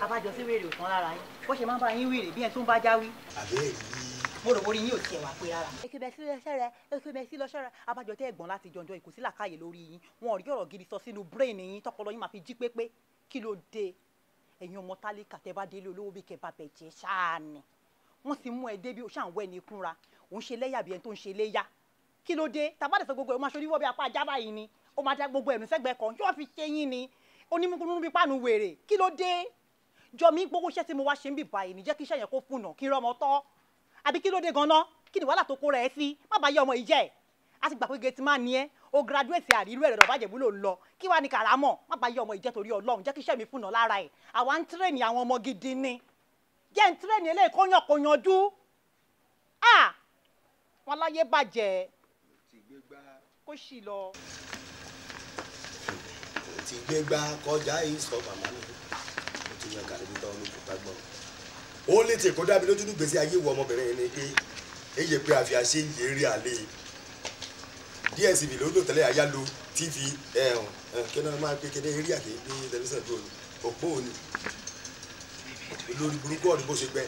abájọ sí wèrè òtán lára yín bó ṣe máa ń bá yín wèrè bí ẹ tó ń bá jáwí. àbẹ́ẹ̀ni. mo rò wórí yín ò tiẹ̀ wá pé rárá. èkébẹ̀ sí lọ́sẹ̀ rẹ èkébẹ̀ sí lọ́sẹ̀ rẹ abájọ tẹ́ ẹ̀gbọ́n láti jọjọ ìkòsí làkàyè lórí yín wọn rí ọ̀rọ̀ gidi sọ sínú brain yín tọpọlọ yín máa fi jí pépé kí ló dé ẹ̀yin ọmọ tálíkà tẹ́ bá délé olówó bí kẹba bẹ̀jẹ̀ ṣáà ni wọ́n ti mú ẹ dé bí ó ṣàǹwẹ̀ ní bí ẹni wèrè kí ló dé jọ mi gbogbo iṣẹ́ tí mo wá ṣe ń bì báyìí níjẹ́ kí iṣẹ́ yẹn kó fúnà kí rọmọ tọ́ àbí kí ló dé gan-an kí ni wàhálà tó kó rẹ̀ sí má bàa yẹ ọmọ yìí jẹ́ ẹ̀ á ti gbà pé gẹ̀ẹ́tì máa ní ẹ́ o graduate àrílù ẹ̀rọ bàjẹ́ búlò lọ kí wàá ní kàrámọ̀ má bàa yẹ ọmọ yìí jẹ́ torí ọlọ́run jẹ́ kí iṣẹ́ mi fúnà lára ẹ̀ àwa ń tírẹ̀nì àwọn ọmọ gidi ni jẹ́ ń tírẹ̀nì eléyìí kó yàn kó yanjú à
wọn tó yan kàrẹ́bí tán ló kó gbàgbọ́. ó lè tè kó dábí lójú nígbèsí ayé wọ ọmọbìnrin yẹn ni pé èyí pé àfi àṣẹ yìí rí àlè DSTV ló lò tẹ́lẹ̀ àyálò TV kí náà máa pé kéde eré àké ní tẹlifíṣàn tó òpó òní lórí burúkú ọ̀dún bó ṣe gbẹ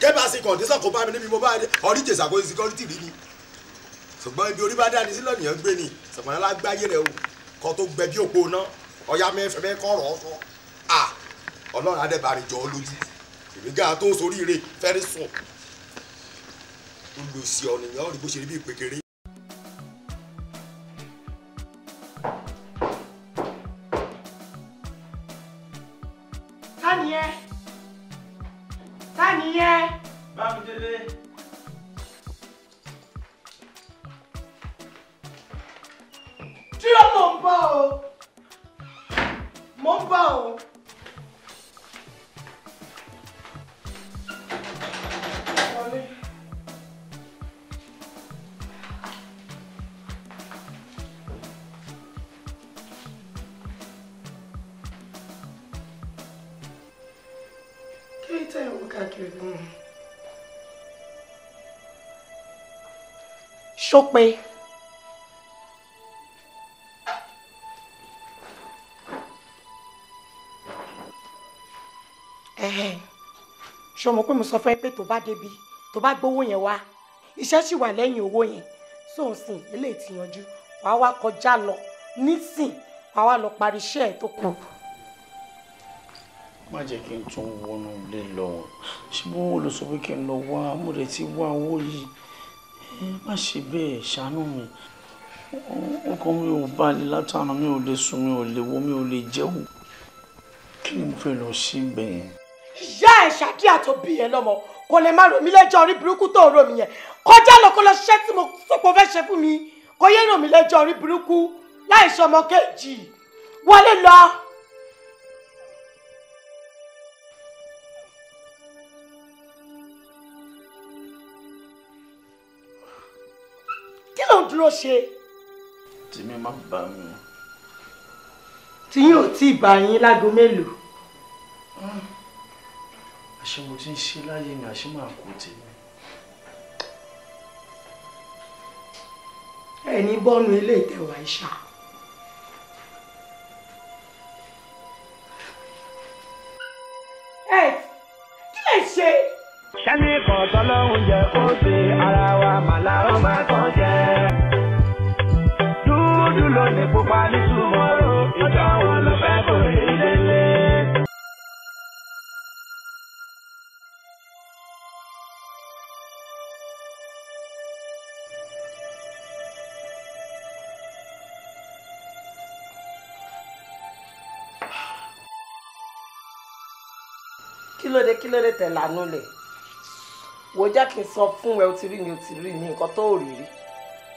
kẹ́bà sí kọ̀ǹdẹ́sà kó bá mi níbi mo bá ọdí jèsà kó síkọ́rìtì rí ni ṣùgbọ́n ibi orí bá dání sí lọ́nìí ẹ̀ ń gbé ni ṣàpọ̀nlá gbáyé rẹ̀ o kọ́ tó gbẹ bí òpó náà ọ̀yá mẹ́fẹ́ mẹ́kọ́ ọ̀rọ̀ ọ̀fọ́ à ọlọ́run adébárí jọ ọ lójú ìgbéga tó ń soríire fẹ́rí sùn ń lu ìsì ọ̀nìyàn rí bó ṣe rí bí ìpèkèrè
ṣópin. ṣé o mọ̀ pé mo sọ fún ẹ pé tó bá débi tó bá gbowó yẹn wá iṣẹ́ sì wà lẹ́yìn owó yẹn sóòsìn eléyìí ti yanjú wàá wá kọjá lọ nísìn wàá wá lọ parí iṣẹ́ ẹ̀ tó
kù.
má jẹ́ kí n tún wọnú ilé lọ ṣùgbọ́n olùsọ pé kí n lọ wá amúrètí wá owó yìí Mm, má ṣe bẹ́ẹ̀ ṣàánú mi ọkàn mi ò balẹ̀ látànà mi ò lè sùn mi ò lè wo mi ò lè jẹun kí ni mo fẹ́ lọ ṣe bẹ́ẹ̀.
ìyá ẹ̀ ṣáàkì àtòbí yẹn lọ́mọ kò lè má rò mí lẹ́jọ́ orí burúkú tó rò mí yẹn kọjá lọ kó lọ ṣiṣẹ́ tí mo sọ̀pọ̀ fẹ́ ṣe fún mi kò yẹ rò lẹ́jọ́ orí burúkú láì ṣọmọ kejì wọlé lọ.
ló ṣe. tèmi má bà mí. tí ò
tí ì bá yín lágo mélòó.
àṣé mo ti ń ṣe láyé
mi àṣé máa kú tèmi. ẹni bọ́nu ilé ìtẹ̀wà ìṣá.
ẹ kí lè ṣe. jẹ́ ó ṣe ara wa màlá ó máa tán lè pupa ní túmọ̀rọ̀ ìjọ wo ló fẹ́ bò ilé lé.
kí ló dé kí ló dé tẹ̀ lánú lẹ̀ wò jẹ́ sọ fún ẹ o ti rí mi o ti rí mi nǹkan tó rí rí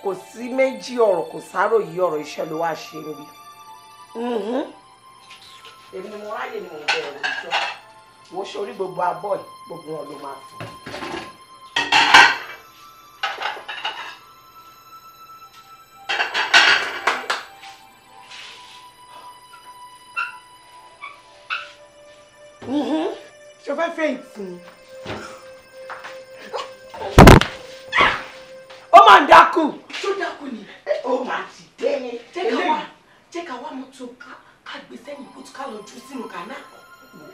kò sí méjì ọ̀rọ̀ kò sáró yìí ọ̀rọ̀ iṣẹ́ ló wá ṣe níbi. Mm-hmm. èmi ni mo ráyè ni mo bẹ̀rẹ̀ òjò wo sórí gbogbo abọ́ yìí gbogbo wọn ló máa fún. Mm-hmm. ṣe fẹ́ fẹ́ǹtì ni. ká lọ jù sínú kàná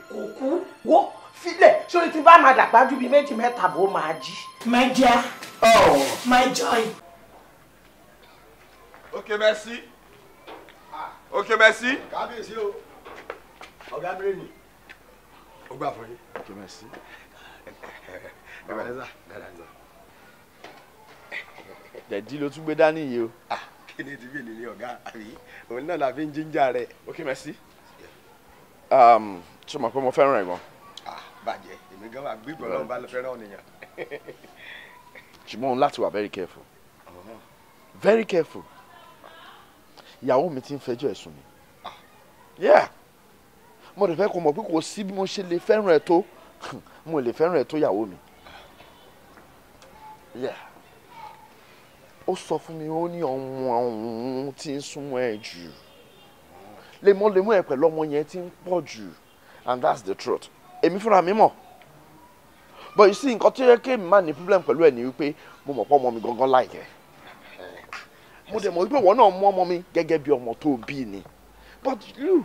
kò kú wó filẹ̀ sórí tí bá máa dàgbà bíi méjì mẹ́ta bó máa jí. my dear oh my joy.
ok merci ok merci. kábíyèsí o ọ̀gá bẹ́ẹ̀
ó gbà fún yín. ok merci. jẹ̀dí ló tún gbé dání yìí o. Ah,
kí ni ti bí ènìyàn ọ̀gá àbí òun náà la fi ń jíjà rẹ̀. ok merci.
Um, ṣé mo pé mo fẹ́ràn ẹ̀ gan.
Ah, bàjẹ́ èmi gan wà gbígbọ́ lọ́run bá lọ fẹ́ràn ènìyàn.
ṣùgbọ́n láti wà very careful very careful ìyàwó mi ti ń fẹjọ́ ẹ̀sùn mi ah. mo lè fẹ́ kó mọ̀ pé kò sí bí mo ṣe lè fẹ́ràn ẹ̀ tó mo lè fẹ́ràn ẹ̀ tó ìyàwó mi ó sọ fún mi ó ní ọ̀hún ọ̀hún tí ń súnmọ́ ẹ̀ jù lemọ́lemọ́ ẹ̀ pẹ̀lú ọmọ yẹn ti ń pọ̀ jù and that's the truth èmi fúnra mi mọ̀ but you see nǹkan tó yẹ kéèmí máa ní problem pẹ̀lú ẹ̀ ní wípé mo mọ̀ pé ọmọ mi gangan láìkẹ́ mo dẹ̀ mọ̀ wípé ìwọ náà mú ọmọ mi gẹ́gẹ́ bí ọmọ tó bí ni but you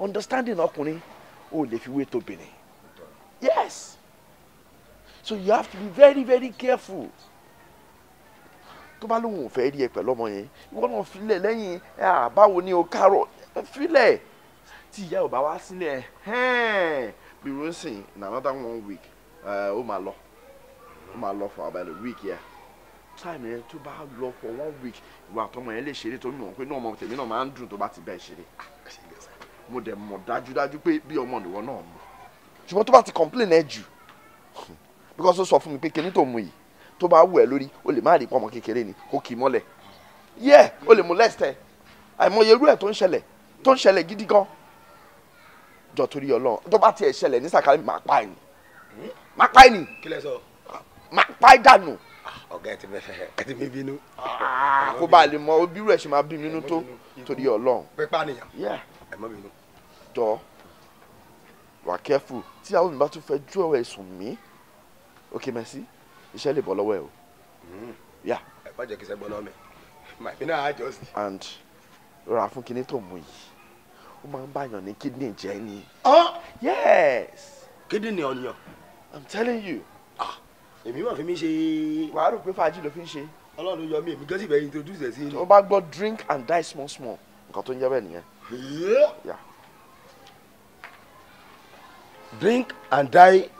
understanding ọkùnrin ò lè fi wé tóbìnrin yes so you have to be very very careful tó bá lóun ò fẹ́ rí ẹ pẹ̀lú ọmọ yẹn ìwọ náà fi lẹ̀ lẹ́yìn ah, báwo ni o kárọ̀tì filẹ̀ tí ìyá ò bá wá sílẹ̀ bírò ń sìn in another one week eh, ó máa lọ ó máa lọ for about a week yẹn time yẹn tó bá lọ for one week ìwà àtọmọ yẹn lè ṣeré tó mọ̀ pé náà ọmọ tèmi náà máa ń dùn tó bá ti bẹ́ẹ̀ ṣeré ah, mo dẹ̀ mọ̀ dájúdájú pé bí ọmọ nìwọ náà mọ̀ ṣùgbọ́n tó bá ti complain ẹ jù because ó sọ fún mi pé kíní tó mu yìí tó bá wù ẹ lórí o lè má rí pọ́nmọ kékeré ni kó kì í mọ́lẹ̀ yẹ o lè mú lẹ́sẹ̀ àìmọye irú ẹ̀ tó ń ṣẹlẹ̀ tó ń ṣẹlẹ̀ gidi gan jọ torí Ọlọ́run tó bá tiẹ̀ ṣẹlẹ̀ ní sàkárì máa pa ẹni máa pa ẹni máa pa ẹ dànù.
ọ̀gá ẹ ti bẹ fẹ́ ẹ ti bẹ bínú. Ah, kó bá a lè mọ
obìnrin ẹ̀ ṣe máa bí bínú tó torí Ọlọ́run.
pípa nìyàn
ẹ mọ bínú. jọ wà kẹ́fù tí àwọn mi bá tún fẹ́ ju ọ̀rọ̀ ẹ̀sùn mi ok mẹ́sì iṣẹ́ lè bọ́ lọ́wọ́ ẹ o. Hmm. ẹ
má jẹ́ kí iṣẹ́ gbọ́ lọ́wọ́ mi màmí náà á sí.
and rọra fún kinní tó mú yìí ó máa ń báyàn ní kidney jẹ́ ni. yes. kidney ọ̀nìyàn. i'm telling you. Ah, èmi máa fi mi ṣe. wàá rò pé fàájì ló fi ń ṣe. ọlọ́run yọ mí èmi gẹ́sì bẹ́ẹ̀ introduce ẹ̀ sí i. tó bá gbọ́ drink and die small small nǹkan tó ń jẹ́ bẹ́ẹ̀ nìyẹn.
drink and die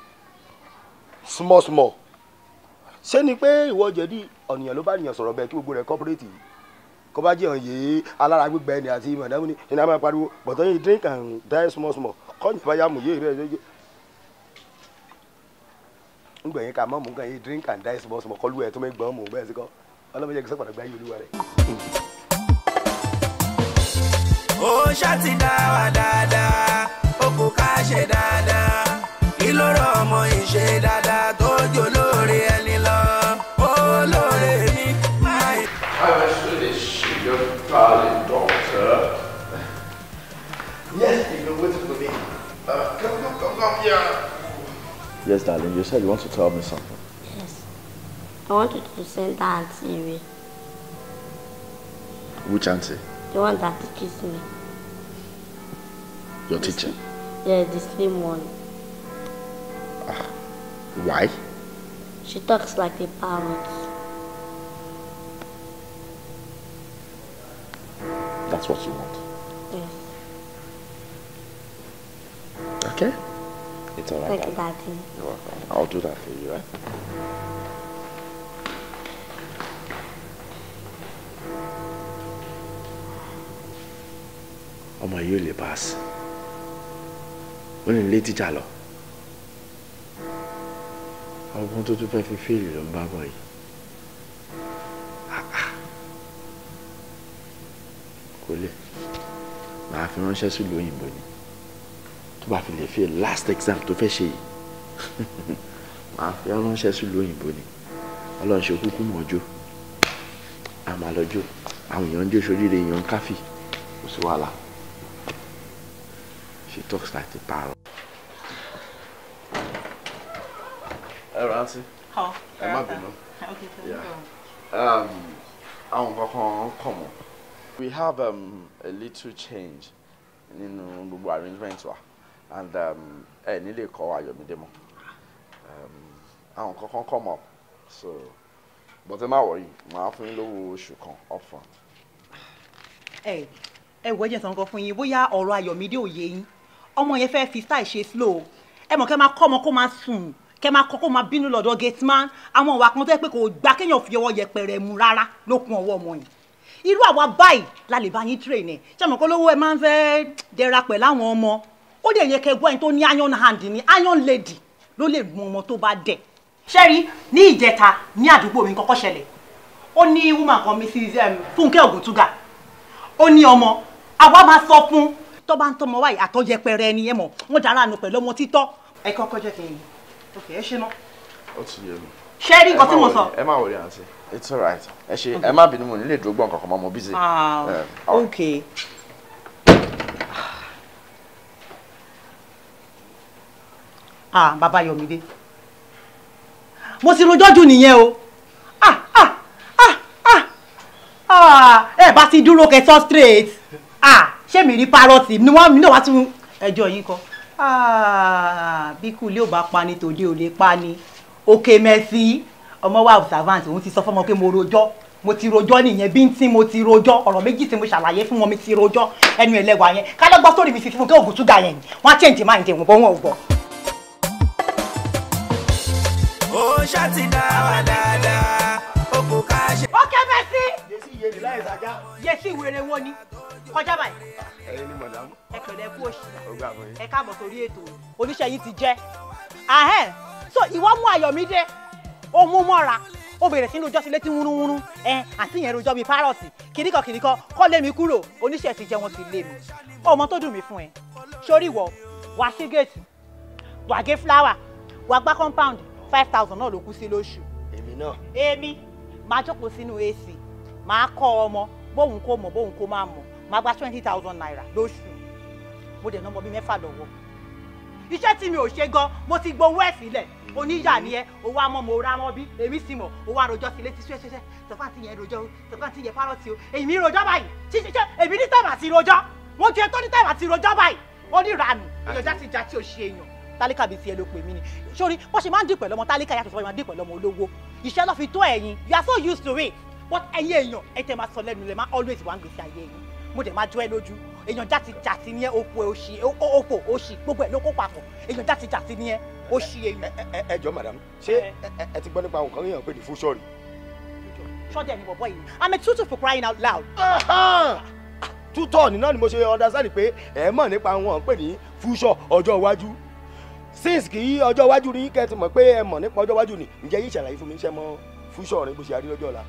small small ṣé ni pé ìwọ jẹ̀dí ọ̀nìyàn ló bá nìyàn sọ̀rọ̀ bẹ́ẹ̀ kí gbogbo rẹ̀ corporate kó bá jẹ́ òye alára gbígbẹ́ ni àti mọ̀dàmú ni ìnáwó máa pariwo bọ̀tọ́ yìí drink and die small small kọ́nyìn bá yà mú yé rẹ̀ yé ngbọ̀n yẹn ká mọ́ mú nǹkan yìí drink and die small small kọ́lù ẹ̀ tó mẹ́ gbọ́n mú bẹ́ẹ̀ sí kọ́ ọlọ́mọ jẹ́ kí sọ́kpàdà gbá olúwa rẹ̀.
ó ṣàtì dá dáadáa ó kò ká ṣe dáadáa ìlọrọ ọmọ ìṣe dáadáa tó
Yes, darling, you said you want to tell me something.
Yes. I wanted to send that auntie away. Which auntie? The one that teaches me. Your teacher? Yeah, the slim one.
Uh, why?
She talks like a parrot.
That's what you want. Yes. Okay. It's all right. Thank Daddy. you, Daddy. You're welcome. I'll do that for you, right? Eh? ọmọ yìí ò lè bá a sìn ó ní ilé tíjà pay ọgbọ́n tó tún fẹ́ fi fèèrè ló ń bá bọ̀ yìí ah, ah. fi ránṣẹ́ sílùú òyìnbó ni bá fi lè fi last exam tó fẹ́ ṣe yìí màá fi ránṣẹ́ sí lóyìnbó ni ọlọ́run ṣe kúkú mọ́jú a àwọn èèyàn ń jó sóríire èèyàn ń káfí kò sí wàhálà she talks like the parrot. ẹ rántí ẹ má bínú um, àwọn kankan kọ̀ mọ́. we have um, a little change nínú gbogbo arrangement wa. Wow and um, ẹ nílé kọ́ Ayọ̀mídé mọ́ um, àwọn kankan come up so but ẹ má wọ̀rí màá fún yín lówó oṣù kan upfront.
ẹ ẹ wọ ẹjẹ sanko fún yín bóyá ọ̀rọ̀ Ayọ̀mídé ò yé yín ọmọ yẹn fẹ́ẹ́ fi style ṣe slow ẹ mọ̀ kẹ́ máa kọ́ ọmọ kó máa sùn kẹ́ máa kọ́ kó máa bínú lọ́dọ̀ gate man àwọn ìwà kan tó yẹ pé kò gbà kéèyàn fi ọwọ́ yẹpẹrẹ mu rárá ló kún ọwọ́ ọmọ yìí irú àwa báyìí la lè bá yín train ẹ ṣé àmọ́ kó lówó ẹ máa ń fẹ́ dẹra pẹ̀ láwọn ọmọ ó dẹ̀ yẹ kẹ́ gbọ́ ẹni tó ní iron hand ní iron lady ló lè mú ọmọ tó bá dẹ̀. sẹ́rí ní ìjẹta ní àdúgbò mi kọ́kọ́ ṣẹlẹ̀ ó ní woman kan mrs funke ogutuga. ó ní ọmọ àwa máa sọ fún tó bá ń tọmọ wáyé àtọ́jẹpẹrẹ ẹni ẹ mọ̀ wọ́n dára nù pẹ̀lú ọmọ títọ́ ẹ kọ́kọ́ jẹ́ kí n ok ẹ ṣe náà.
ó ti yé mi. sẹ́rí nǹkan tí mo sọ. ẹ má wọlé àǹtí it's alright ẹ ṣe ẹ má bínú mo nílé ìdúró gbọ̀ǹkan kan mọ́ mo busy. ah um, ok. Uh,
ah Baba Yọ̀mídé mo sì rojọ́ jù nìyẹn o ah ah ah ah ah ẹ bá ti dúró kẹsàn straight ah ṣé mi rí parọ́ọ̀tì ni wọ́n mi náà wá tún ẹjọ́ yín kọ́ ah bí kúlé ò bá pa ni tòde ò lè pa ni òkè mẹ́sì ọmọ wa observant òun ti sọ fún ọmọ pé mo rojọ́ mo ti rojọ́ nìyẹn bí n tí mo ti rojọ́ ọ̀rọ̀ méjì tí mo ṣàlàyé fún wọn mi ti rojọ́ ẹnu ẹlẹ́wà yẹn kálọ́gbọ́ sórí mi ti fún kí ògùn túgà yẹn wọ́n á change mind wọn bọ́ wọn ò gbọ́
ó ṣàtì dá wa dáadáa ó kò ká ṣe. ó kẹ́ bẹ́ẹ̀ sí.
yẹsí ìyẹnì láì sájà. yẹsí ìwéré wo ni kọjá báyìí. ẹ̀yin ni mọ̀dámù. ẹ pẹ̀lẹ́ kú òṣì. ó gbà fún yín. ẹ káàbọ̀ sórí ètò oníṣẹ́ yìí ti jẹ́. ahẹ́n so ìwọ mú Ayọ̀mídé ó mú mọ́ra ó bẹ̀rẹ̀ sínú ọjọ́ sílé tí wúrúwúrú ẹ àti ìyẹn rojọ́ bíi párọ̀tì kìnìkan kìnìkan kọ́ lé mi kúrò oníṣẹ́ ti jẹ́ wọn sì lé mi ọmọ tó dùn mí fún ẹ sórí ìwọ wàá sí géètì wàá fúláwà wàá gbá compound five thousand náà ló kú sí lóṣù. èmi náà. èmi máa jókòó sínú AC máa kọ́ ọmọ bóun kò mọ̀ bóun kò máa mọ̀ máa gba twenty thousand naira lóṣù mo dẹ̀ ná ọmọ bíi mẹ́fà lọ́wọ́ iṣẹ́ tí mi ò ṣe gan mo ti gbowó ẹ̀ sílẹ̀ oníyà ni ẹ owó amọ́ mo ra mọ́ bí èmi sì mọ̀ owó àròjọ sí létí ṣẹ́ṣẹ́ṣẹ́ tọ́fàǹtì yẹn rojọ́ tọ́fàǹtì yẹn fárọ́tì o èmi rojọ́ báyìí ṣíṣíṣẹ́ èmi ní tẹ̀mà sí rojọ́ wọ́n ti ẹ tó ní tẹ̀mà sí rojọ́ báyìí ó ní ìranù ìyọjá ti jà tí ò ṣe èèyàn tálíkà bíi tiẹ̀ ló pè mí ni sórí bó ṣe máa ń dì pẹ̀lú tálíkà yàtọ̀ sọ́wọ́ máa ń dì pẹ̀lú olówó ìṣẹ́ lọ́ fi tó ẹ̀yin you are so used to it but ẹ̀yin èèyàn ẹ tẹ́ máa sọ lẹ́nu lẹ́ máa always wá ń gbèsè ayé yín mo dẹ̀ máa jọ ẹ lójú èèyàn jáde jàti ní ẹ òpó òṣì òpó òṣì gbogbo ẹ ló kó papọ̀ èèyàn jáde jàti ní ẹ òṣì èèyàn. ẹ jọ madam
ṣé ẹ ti gbọ́ nípa nǹkan yẹn pé ní fún sọ́ọ̀rì.
sọ́dẹ̀ ni bọ̀bọ̀ yìí i'm a tutu for crying out loud.
tútọ̀ nínú ni mo ṣe understand pé ẹ mọ̀ nípa wọn pè ní fúnṣọ̀ ọjọ́ iwájú since kí ọjọ́ iwájú rí kẹ́ ẹ ti mọ̀ pé ẹ mọ̀ nípa ọjọ́ iwájú ni ǹjẹ́ yìí ṣàlàyé fún mi ṣe mọ́ fúnṣọ́ rẹ bó ṣe àrí lọ́jọ́ ọ̀la.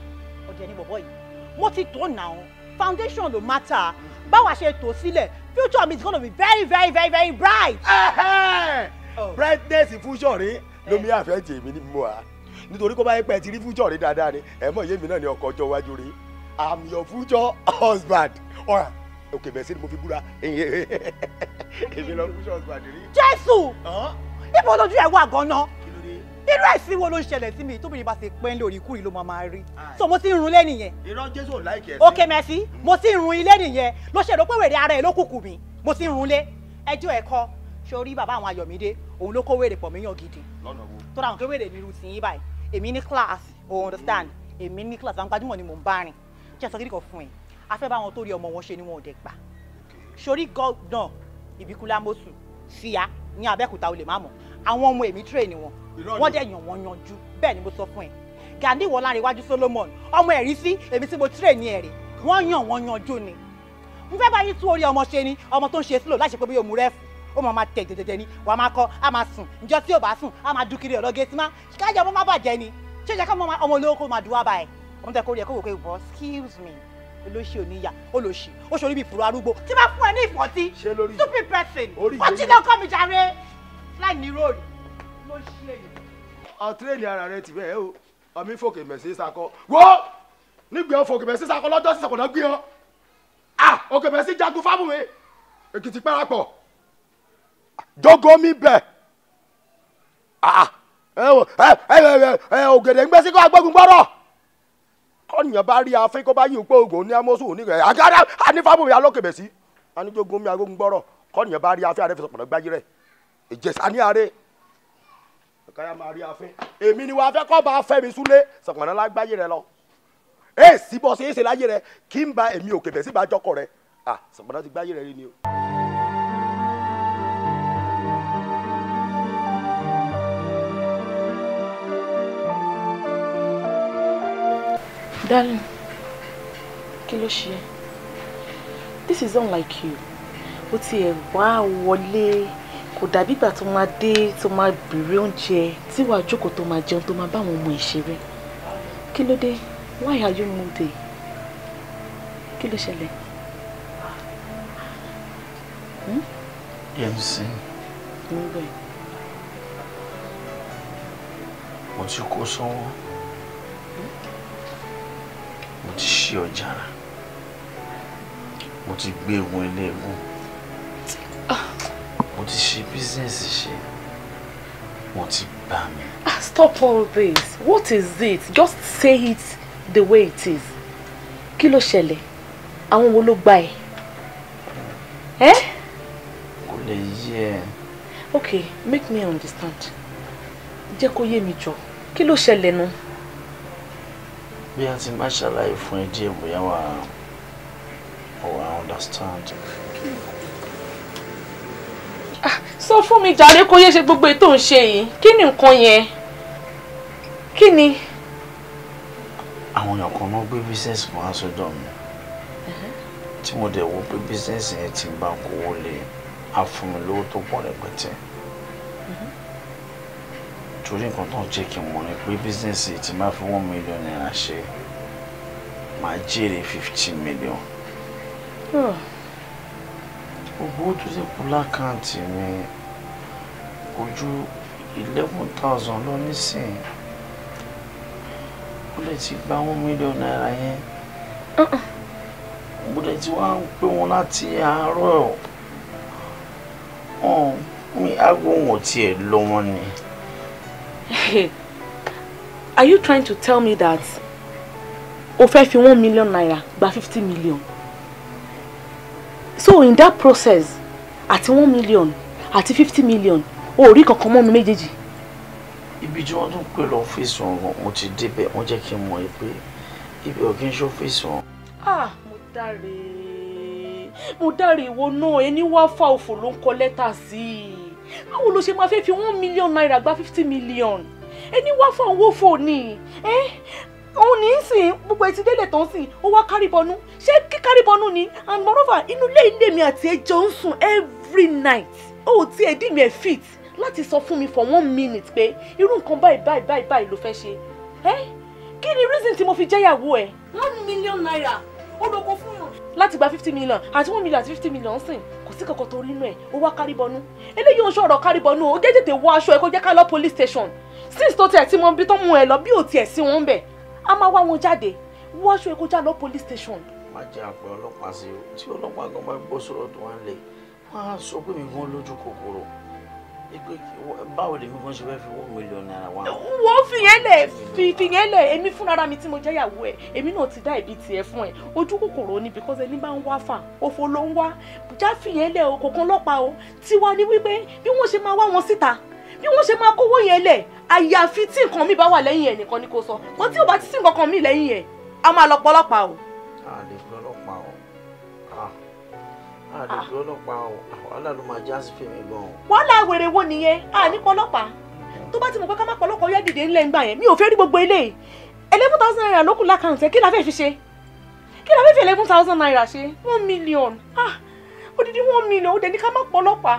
ọ̀dẹ̀ ni bọ̀bọ̀ yìí mo ti tó nà án foundation ló matter báwa ṣe tò sílẹ̀ future mi is gonna be very very very very bright. Oh. brightness fúnṣọ́ rí lómi eh. àfẹ́
jẹ́ èmi ní mo à nítorí kó bá yẹ pé ẹ ti rí fúnṣọ́ rí dáadáa ni ẹ mọ̀ yé mi náà ní ọkọ̀ ọjọ́ iwájú rí I'm your future husband òkè bẹ́ẹ̀ sí ni mo fi
jésù ibo lójú ẹ̀ wà gan-an irú ẹ̀sìn wo ló ń ṣẹlẹ̀ sí mi tóbìnrin bá ṣe pẹ́ lórí ló máa máa rí so mo ti ń run ilé nìyẹn.
irọ́
mẹ́sì mo ti ń run ilé nìyẹn ló ṣèlú pé ara ẹ̀ ló kùkù mi mo ti ń run ilé ẹjọ́ ẹ̀kọ́ sórí bàbá àwọn ayọ̀mídé òun ló kó wèrè pọ̀ mí yàn gidi. tó dáhùn kí wèrè mi ru tìyín báyìí èmi ní class o understand mm. èmi ní class àwọn gbajúmọ̀ ni mò ń bá rìn jẹ́ sọ kíríkọ̀ fún ẹ̀ afẹ́ bá wọn tó rí ọmọ wọn ṣe ni wọn ò dẹ̀ gbà sórí gọ́dàn ìbíkúlá mọ́sù fìyà ní abẹ́kúta olè má mọ̀ àwọn ọmọ èmi tírèèni wọn wọ́n dẹ̀ yàn wọ́n yanjú bẹ́ẹ̀ ni mo sọ fún ẹ Gani Ọláǹrewájú Solomon ọmọ ẹ̀rí sí èmi tí mo tírèèni ẹ̀rí wọ́n yàn wọ́n yanjú ni mo fẹ́ bá yín tú orí ọmọ ṣe ni ọmọ tó ń ṣe sílò láṣẹ pé bí omu rẹ́fù ó máa tẹ̀ tẹ̀tẹ̀tẹ̀ ni wàá máa kọ́ á máa sùn ǹjọ́ tí ò bá sùn á máa dúkìrì ọ̀rọ̀ gẹ̀ẹ́sì má kájà ọmọ má bàjẹ́ ni ṣé ìjà ká ọmọ olówó kó máa dùn wá báyìí ọmọ tẹ kó rí ẹ kó wò pé bọ́ excuse me olóṣì oníyà olóṣì oṣooṣi bíi ìfúru arúgbó tí bá fún ẹ ní ìfọ̀tí stupid person ó jí lọ́kọ́ mi jàre láì ní róòlù olóṣì èyí.
ọtírẹ́ẹ̀lì ara rẹ ti bẹ́ẹ̀ o ọmí fòkè mẹ̀sí sakọ wo nígbà yẹn fòkè mẹ̀sí sakọ lọ́jọ́ sísè kọ̀dọ̀ gbé yẹn ah òkè mẹ̀sí jagun fábùmí èkìtì pẹ́rapọ̀ jogo mi bẹ̀ ah ẹ ẹ ẹ ẹ ògèdè ń gbé sí kó agbógun gbọ́dọ̀ kọ́nìyàn bá rí afẹ́ kó bá yìn pé ògùn ní amósù oníkẹ́ àgádá anífàbùnmi alókèbè sí aníjógun mi agógun gbọ́rọ̀ kọ́nìyàn bá rí afẹ́ àrẹ́fẹ́sọ̀ pọ̀nà gbájí rẹ̀ ìjẹsà ní àárẹ̀ ọ̀káyà máa rí afẹ́ èmi ni wàá fẹ́ kọ́ bá fẹ́ mi súlé sọ̀pọ̀nà lágbáyé rẹ lọ èsì bọ́ sí èsè láyé rẹ kí n ba èmi òkèbè sí bá jọkọ̀ rẹ ah sọ̀pọ̀nà ti gbáyé rẹ rí ni o.
Darling,
kí ló This is unlike you. Ó ti ẹ̀ wá wọlé. Kò dàbí ìgbà tó máa dé tó máa bèrè oúnjẹ tí wàá jókòó tó máa jẹun tó máa bá àwọn ọmọ ìṣeré. Kí ló dé? Why are you moody? Kí ló ṣẹlẹ̀? Yẹ́misí. Mo ń bẹ̀.
Mo ti kó ti ṣí ọjà rà mo ti gbé egun ilé egun ah. mo ti ṣe bísíǹsì ṣe wọ́n ti gbà mí.
Ah, stop all this what is it just say it the way it is kí ló ṣẹlẹ̀ àwọn wo ló gba ẹ̀ ẹ́. Eh?
kò lè yí ẹ.
okay make me understand jẹ́ kó yé mi jọ kí ló ṣẹlẹ̀ nu. No?
bí a ti máa ṣàlàyé fún ẹ díẹ̀ bóyá wà á wà á understand.
Ah, sọ fún mi jàre kó yé ṣe gbogbo ètò ń ṣe yìí kí ni nǹkan yẹn kí ni.
àwọn èèyàn kan náà gbé bísíǹsì fún aṣọ́dọ̀ mi uh-huh. tí mo dẹ̀ wo pé bísíǹsì yẹn ti ń bá kówó lé afúnmi lówó tó pọ̀ rẹpẹtẹ torí nǹkan tó ń jẹ́ kí n mọ̀ ni pé bísíǹsì tí máa fi one million naira ṣe máa jèrè fifteen million. Hmm. owó tó ti kú lákàntì mi kò ju eleven thousand lọ nísìnyí ó lè ti gba one million naira yẹn uh-uh. mo dẹ̀ ti wá ń pè wọ́n láti àárọ̀ ọ̀ mi aago wọn tiẹ̀ lọ wọn ni.
Hey, are you trying to tell me that o fẹ́ one million naira by fifty million? So in that process, at one million at fifty million, oh, ò rí kankan mọ́ mi méjèèjì.
Ibi tí wọ́n tún pè lọ on ọ̀rọ̀ mo ti débẹ̀ wọ́n jẹ́ kí n mọ̀ pé ibi ò kí
Ah, mo dáre mo know any náà ẹni wá fa òfò ló báwo ló ṣe máa fẹ́ fi one million naira gba fifty million ẹni wá fún owó fò ní òun ní í sìn gbogbo etí délẹ̀ tó ń sìn ó wá kárìbọnú ṣé kí kárìbọnú ni and moreover inú ilé ilé mi àti ẹjọ́ ń sùn every night ó ti ẹ̀ dì mí ẹ̀ fit láti sọ fún mi for one minute pé irú nǹkan báyìí báyìí báyìí báyìí ló fẹ́ ṣe ẹ́ kí ni reason tí mo fi jẹ́yàwó ẹ̀ one million naira ó dọ̀kọ̀ fún yàn láti gba fifty million àti one million àti fifty million sìn sí kankan tó inú ẹ̀ ó wá kárìbọnú eléyìí oṣù ọ̀rọ̀ kárìbọnú ó jẹ́ tètè wọ aṣọ ẹ̀ kó jẹ́ ká lọ police station since tó tiẹ̀ tí mo bí tó mú ẹ lọ bí ò tiẹ̀ sí wọn bẹ̀ a máa wá wọn jáde wọ aṣọ ẹ̀ kó já lọ police
station. má jẹ́ àpẹ ọlọ́pàá sí o tí ọlọ́pàá gan bá gbọ́ sọ̀rọ̀ tó wá ń lẹ̀ wọ́n á sọ pé mi gan lójú kòkòrò báwo lèmi kan ṣe fẹ́ fi one million naira wá.
wo fìyẹn lẹ fìyẹn lẹ èmi fúnra mi tí mo jẹ́ ìyàwó ẹ̀ èmi náà ti dá ìbí tiẹ̀ fún ẹ̀ ojú kòkòrò ni because ẹni bá ń wá fà òfò ló ń wá já fìyẹn lẹ o kò kan o tiwa ni wípé bí wọ́n ṣe máa wá wọn síta bí wọ́n ṣe máa kówó yẹn lẹ̀ àyàfi tí nǹkan mi bá wà lẹ́yìn ẹ̀ nìkan ni kò sọ kò tí ò bá ti sí nǹkan kan mi lẹ́yìn ẹ̀ a máa lọ o
àdèbí ọlọ́pàá o ah, wàhálà ló máa já sí fèmí gan o.
wàhálà wèrè wo nìyẹn a ní kọ́ ọlọ́pàá tó bá ti mọ̀ pé ká má pọ̀ ọlọ́pàá yóò dìde ńlẹ̀ ńgbà yẹn mi ò fẹ́ rí gbogbo eléyìí eleven thousand naira ló kù lákàntì kí la fẹ́ fi ṣe kí la fẹ́ fi eleven thousand naira ṣe one million ah odidi one million ó dẹ̀ ní ká má pọ̀ ọlọ́pàá.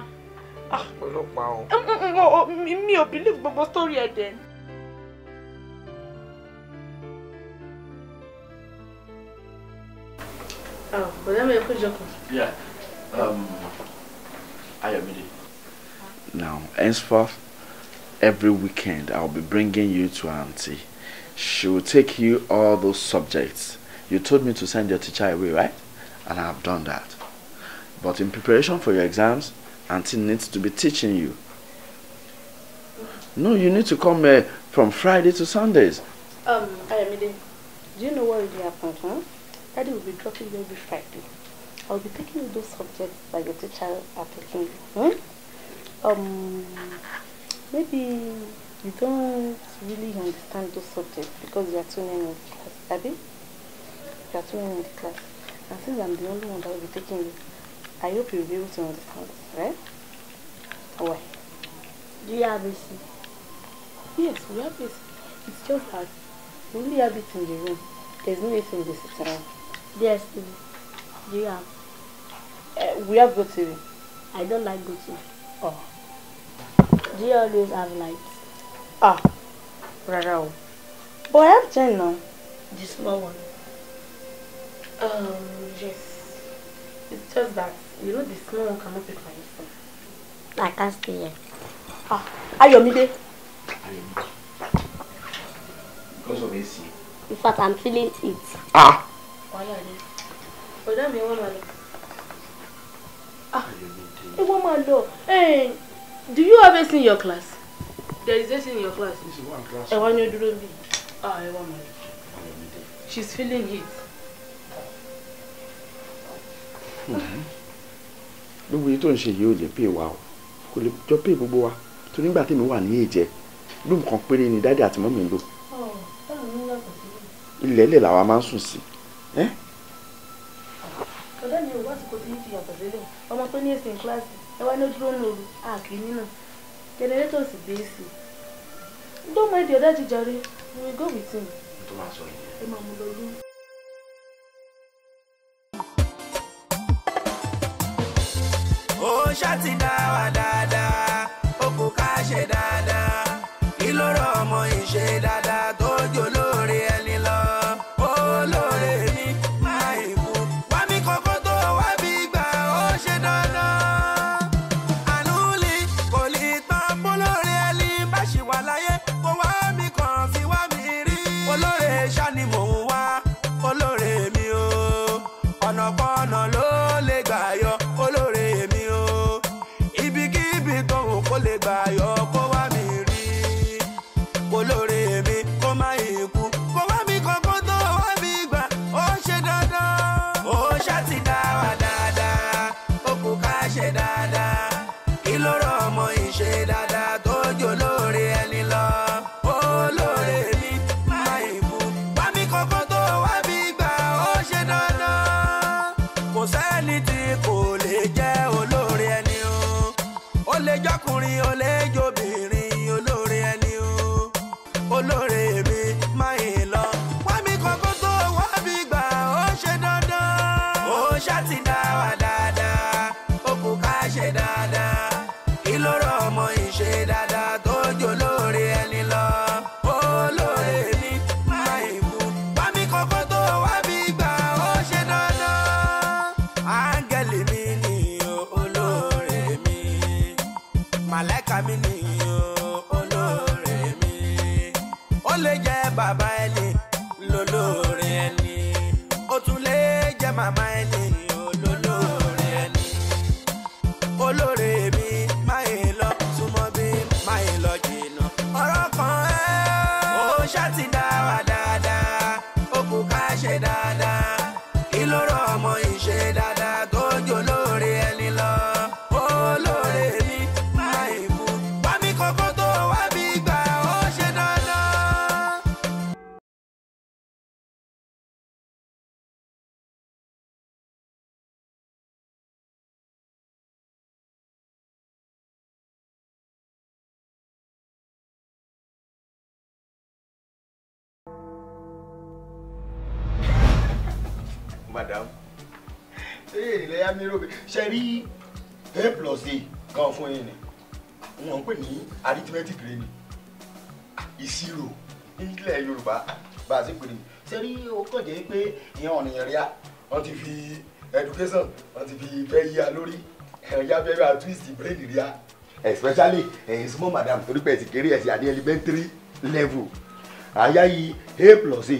Ah. ọlọ́pàá o.
Mm, mm, mm, oh, oh, mi ò believe gbogbo story ẹ̀ dẹ̀. Oh, but I'm a good joker.
Yeah. um,
Ayomide. Now, henceforth, every weekend I'll be bringing you to Auntie. She will take you all those subjects. You told me to send your teacher away, right? And I've done that. But in preparation for your exams, Auntie needs to be teaching you. No, you need to come here uh, from Friday to Sundays.
Um, Ayomide, do you know what will happen, huh? Daddy will be dropping you every Friday. I'll be picking those subjects like the teacher are picking. Hmm? Um, maybe you don't really understand those subjects because you are too new in the class, Abby. You are too in the class. And since I'm the only one that will be taking it, I hope you'll be able to understand, right? Why? Do you have AC? Yes, we have this. It's just hard. we only have it in the room. There's no AC in the sitting room. Yes, do you have? Uh, we have GoTV. I don't like GoTV. Oh. Do you always have lights? Ah, rárá o. But I have ten now. The small one. Um, yes. It's just that, you know, the small one cannot be my phone. I can't stay here. Ah, Are you Ayomide.
Because of AC.
In fact, I'm feeling it. Ah. Why are you? But that may one Ah, ẹ woman. máa lọ eh, do you have anything in your class there is anything in your class ẹ wá ní dúró bí ah, ẹ wá máa lọ she is feeling it.
gbogbo yìí tó ń ṣe yìí ò lè pè wá o kò lè jọ pè gbogbo wa tó nígbà tí mi wà ní èjẹ lóun kan péré ni dáadé àti mọ́mí ń lò oh, ilẹ̀ ilẹ̀ làwa máa ń sùn sí. Eh?
ọ̀dọ́ mi ò wá àsìkò tí ń fi yàtọ̀ sílẹ̀ ọmọ tó ní èsì kíláàsì ẹ wá ní ó dúró àkì nínú jẹnẹrétọ̀ sì gbé èsì don't mind the other jíjàre we go with him.
ẹ máa mú lọ yín.
ó ṣàtìdáwàdà.
nairobi ṣe rí a plus a gan fún yín ni wọ́n ń pè ní arithmetic rẹ ni ìṣirò nílẹ̀ yorùbá bá a ṣe pè ní ṣe rí ó kàn jẹ́ pé ìyẹn ọ̀nìyàn rí a wọ́n ti fi education wọ́n ti fi bẹ́ yíya lórí ẹ̀yà bẹ́ẹ̀ bá twist brain rí a especially ẹ̀yin small madam torí pé ẹ ti kéré ẹ àdé elementary level àyà yìí a plus a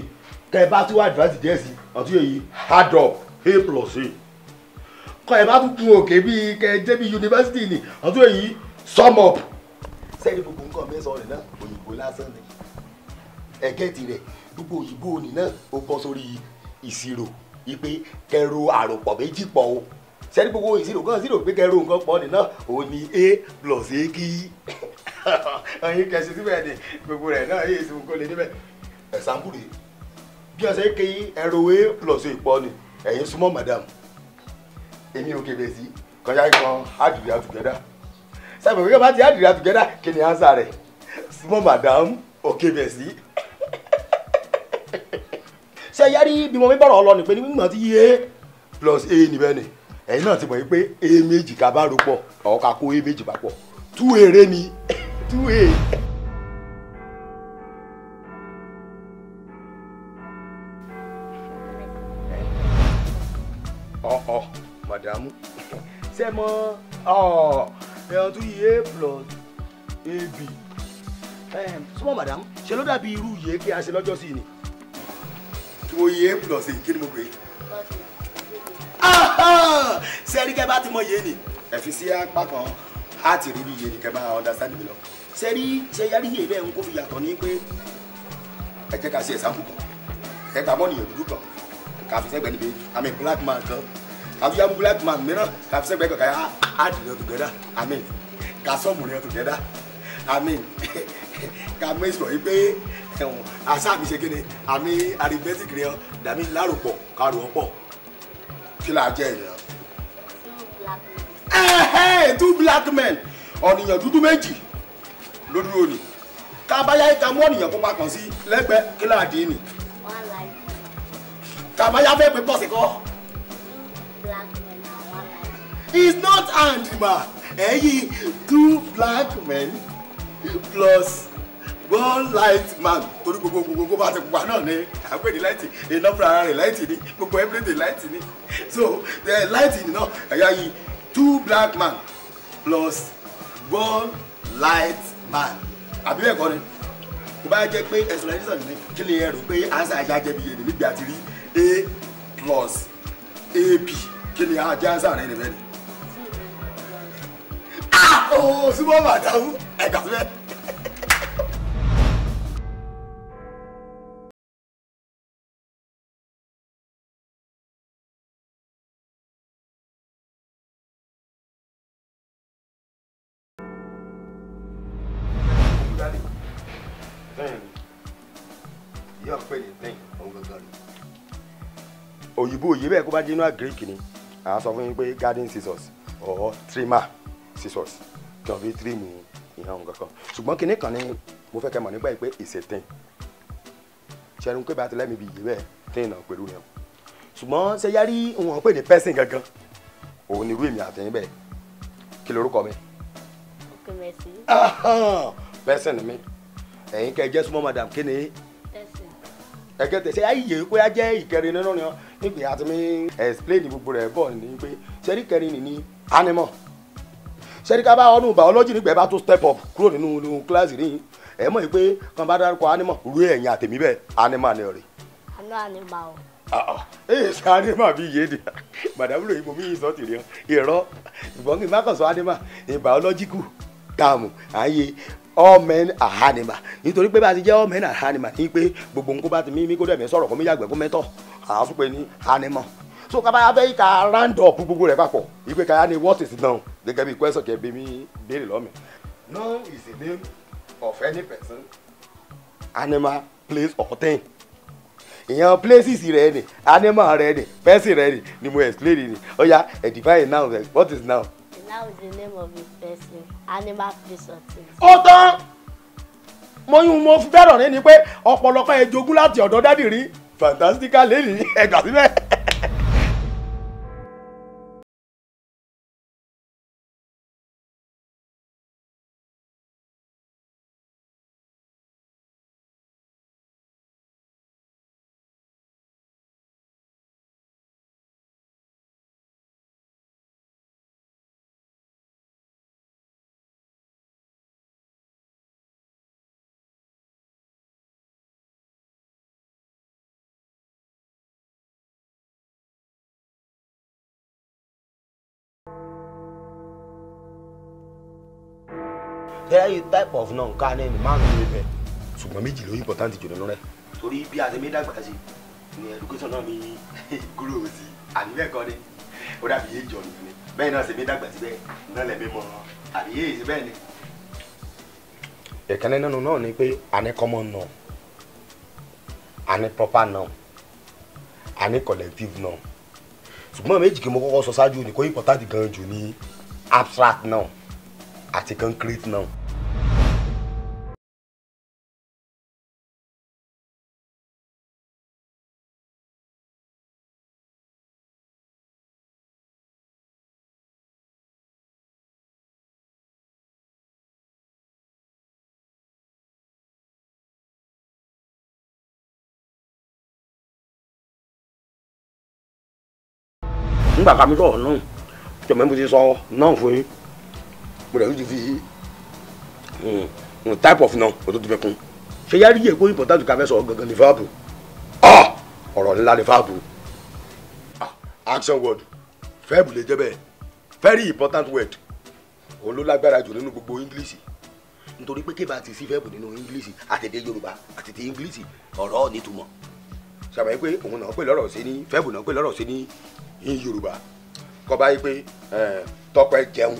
kẹ bá tún wá advance díẹ̀ sí ọtún yẹ yìí hard up a plus a kọ ẹ bá tún kun òkè bíi kẹ jẹ́ bíi yunifásitì ni ọ̀tún èyí sum up. sẹ́ni gbogbo nǹkan mi sọ rẹ̀ náà òyìnbó lásán ni ẹ̀kẹ́tì rẹ̀ gbogbo òyìnbó òní náà ó bọ́ sórí ìṣirò ipe kẹro àròpọ̀ méjì pọ̀ o sẹ́ni gbogbo ìṣirò kan ìṣirò pé kẹro nǹkan pọ̀ ni náà òun ni a plus a kí ọyìn kẹsì síbẹ̀ ni gbogbo rẹ̀ náà yéé sinmi kó lè níbẹ̀ ẹ̀sán bùrè bí ọ̀sẹ̀ kí ẹ̀rọ a plus a pọ̀ ni ẹ̀yin súnmọ́ madam èmi ò kébé sí kọjá ikọ̀ àdìrí àtùgẹ́dá sábẹ̀ wíwọ́n bá ti àdìrí àtùgẹ́dá kí ni ansa rẹ̀ small madam ò kébé sí. ṣé yárí bí mo mi bọ̀rọ̀ lọ nípe ní mímọ̀ ti yé plus a níbẹ̀ ni ẹ̀yin náà ti mọ̀ pé a méjì ká bá ro pọ̀ ọ̀ọ́ká kó a méjì papọ̀ two eré ni two a màdàmú ṣé mọ ẹran tó yí a plus ab sọmọ màdàmú ṣe ló dàbí irú yìí kí a ṣe lọ́jọ́ sí ni. tí mo yí a plus èyí kí ni mo gbé. ṣé ẹni kẹ́ bá ti mọ yé ni ẹ fi sí apá kan á ti rí bí yé ni kẹ́ bá understand mi lọ. ṣe rí ṣe yárí yé bẹ́ẹ̀ ń kó fi yàtọ̀ ní pé ẹ jẹ́ ká ṣe ẹ̀sán kù kan ẹ gbà bọ́ọ̀nì yẹn dúdú kan kà fi níbi àmì black man kan Have you black man? Me no. Have said black guy. Add you together. I mean, kaso mu you together. I mean, ka make sure ipe ẹwọn asa mi ṣe kini àmì arithmetic rẹ dàmí lárúpọ kárò ọpọ kí la jẹ ìrìn. ẹhẹ́ two black men ọ̀nìyàn dúdú méjì lójú òní kábáyá ìka mú ọ̀nìyàn kó pa kàn sí lẹ́gbẹ̀ẹ́ kí la dì í nì. kábáyá fẹ́ pé pọ̀ sí kọ́. He's not hand, ma. Hey, two black men plus one light man. Go go go gbogbo àti gbogbo náà ni à ń pè ní light iná fúnra ara rẹ̀ light ni gbogbo everything light ni. So the light ni náà ẹ̀yà yìí two black man plus one light man. Àbí bẹ́ẹ̀ kọ́ ni? Kò bá jẹ́ pé explanation ni kí ni ẹ rò pé ansa ajá jẹ̀bi yẹn níbi àti rí A plus AB kí ni ajá sáré ni ah! bẹ́ẹ̀
ni. ooo súnmọ́ màdàmú ẹ̀ka síbẹ̀.
òyìnbó òyìnbó ẹ̀ kó bá dé inú àgíríkì ni à ń sọ fún yín pé garden scissors or trimmer scissors tí wọ́n fi trim ìhàn kankan ṣùgbọ́n kinní kan ni mo fẹ́ kẹ́ mọ̀ nípa yìí pé ìṣètìn ṣẹ́nu pé bá ti lẹ́mìí bí yìí bẹ́ẹ̀ tí ìnà pẹ̀lú yẹn ṣùgbọ́n ṣe yá rí wọn pè ní pẹ́sìn gangan òun ni irú èmi àtẹ̀yìn bẹ́ẹ̀ kí lorúkọ mi. ok merci. pẹ́sìn mi ẹ̀yin kẹ́ ẹ jẹ́ súnmọ́ madam kí ni ẹ̀kẹ́tẹ̀ ṣe ayé pé a jẹ́ ìkẹrin nínú ni nígbè àti mi explain gbogbo rẹ̀ bọ̀ ni pé ṣẹ́rí kẹrin ni animal ṣẹ́rí ká bá ọdún biology nígbà bá tó step up kúrò nínú kíláàsì rí ẹ mọ̀ pé kan bá dárúkọ animal rú ẹ̀yìn àtẹ̀mí bẹ́ẹ̀ animal ni ọ̀rẹ́.
àná animal
o ee sọ animal, bi yé ni madame lóyún mo mi yìí sọ tìrì hàn irọ́ ìbọn kí n má kàn sọ anima ìbàọ́lọ́jíkù tààmù all men are animal nítorí pé bá a ti jẹ́ all men are animal ní pé gbogbo nǹkó bá ti mí mí kó dẹ̀mí sọ̀rọ̀ kó mi yàgbẹ́ kó mẹ́tọ̀ àá fún pé ní animal so kaba abẹ́ yìí ká round up gbogbo rẹ̀ papọ̀ ìpè ká ni what is noun gẹ́gẹ́ bí question kẹ́ bí mi béèrè lọ́mì. noun is the name of any person animal place or thing ìyẹn places rẹ ni animal rẹ ni person rẹ ni ni mo explain ni ó yá ẹ define noun what is now?
That was the name of his person. Animal place or thing.
Ó tán. Mo yún mo fi bẹ́ẹ̀ rọ̀ ní ni pé ọ̀pọ̀lọpọ̀ ẹ jogún láti ọ̀dọ̀ dádì rí. Fantastica lady ẹ̀gbà sílẹ̀. there are type of náà nǹkan ní márùn-ún ló bẹ̀. ṣùgbọ́n méjì ló important jù lọ́rẹ́. torí bí a ṣe mi dàgbà sí ni education náà mi gúrò sí àní bẹ́ẹ̀ kọ́ ni ó dàbí yé jọ nìyẹn ni bẹ́ẹ̀ náà ṣe mi dàgbà sí bẹ́ẹ̀ náà lẹ́mí mọ́ àbí yé ìṣe bẹ́ẹ̀ ni. ìkànnì nínú náà ni pé àní common náà àní proper náà àní collective náà ṣùgbọ́n méjì kí mo kọ́kọ́ sọ ṣáájú ni kò important gan jù ní abstract náà
àti concrete náà. nígbà ká mi sọ̀rọ̀ náà jọ̀mọ́ mo ti sọ náà fún yín
mo rẹ̀ ló ti fi hmm, hmm, type of náà o tó ti fẹ́ kún ṣe yá rí èkó important ká fẹ́ sọ gangan ní fáàbù ah! ọ̀rọ̀ ńlá ní fáàbù ah, action word fẹ́ẹ̀bù lè jẹ́ bẹ́ẹ̀ very important word òun ló lágbára jù nínú gbogbo English nítorí pé kébà ti sí fẹ́ẹ̀bù nínú English àtẹ̀dẹ̀ Yorùbá àtẹ̀dẹ̀ English ọ̀rọ̀ nítumọ̀ ṣàbẹ̀yẹ pé òun náà pè lọ́rọ̀ sí ní fẹ́ẹ̀bù náà pè lọ́rọ̀ sí ní in Yorùbá kọba yìí pé tọpẹ jẹun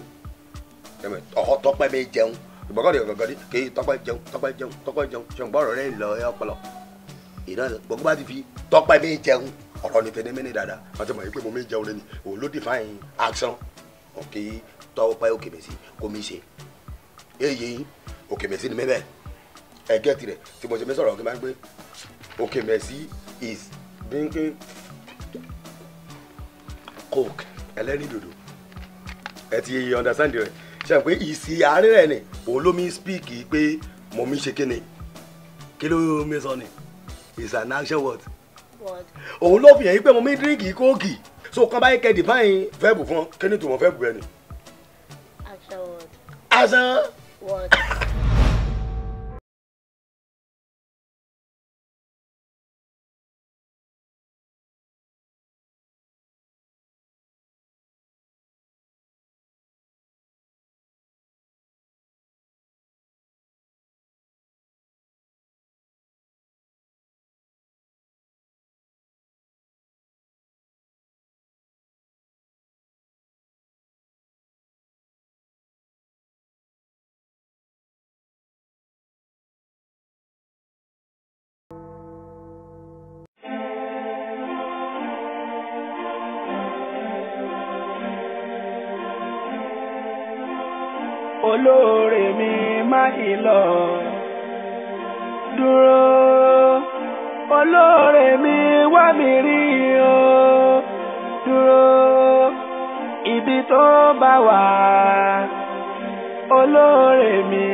ọhọ tọpẹ bẹ jẹun ìgbọgọdì ọgọgọdì kéyì tọpẹ jẹun tọpẹ jẹun tọpẹ jẹun ṣùgbọ́n rẹ lọ ẹ ọpọlọ ìdá gbogbo bá ti fi tọpẹ bẹ jẹun ọ̀rọ̀ ni fẹnẹmẹnẹ dáadáa wọ́n ti mọ̀ yìí pé mo mi jẹun lẹ́ni òun ló define action òkè tọpẹ òkè mẹ́sì kò mí ṣe èyí òkè mẹ́sì ni mẹ́bẹ̀ ẹ̀gẹ́ tirẹ̀ tí mo ṣe mẹ́sọ̀rọ̀ òkè máa is drinking coke ẹlẹ́rìndòdò ẹ ti yẹ understand rẹ ṣe pé ìsì àárẹ̀ rẹ̀ ni òun ló mi speak pé mo mi ṣe kíni kí ló mi sọ ni is an action word òun ló fi hàn yín pé mo mi drink kóòkì so kàn báyìí kẹ́ define verb fún kíni tó mọ verb rẹ ni.
action
word. action word. ìlọ dúró olóore mi wá mi rí o dúró ibi tó bá wà olóore mi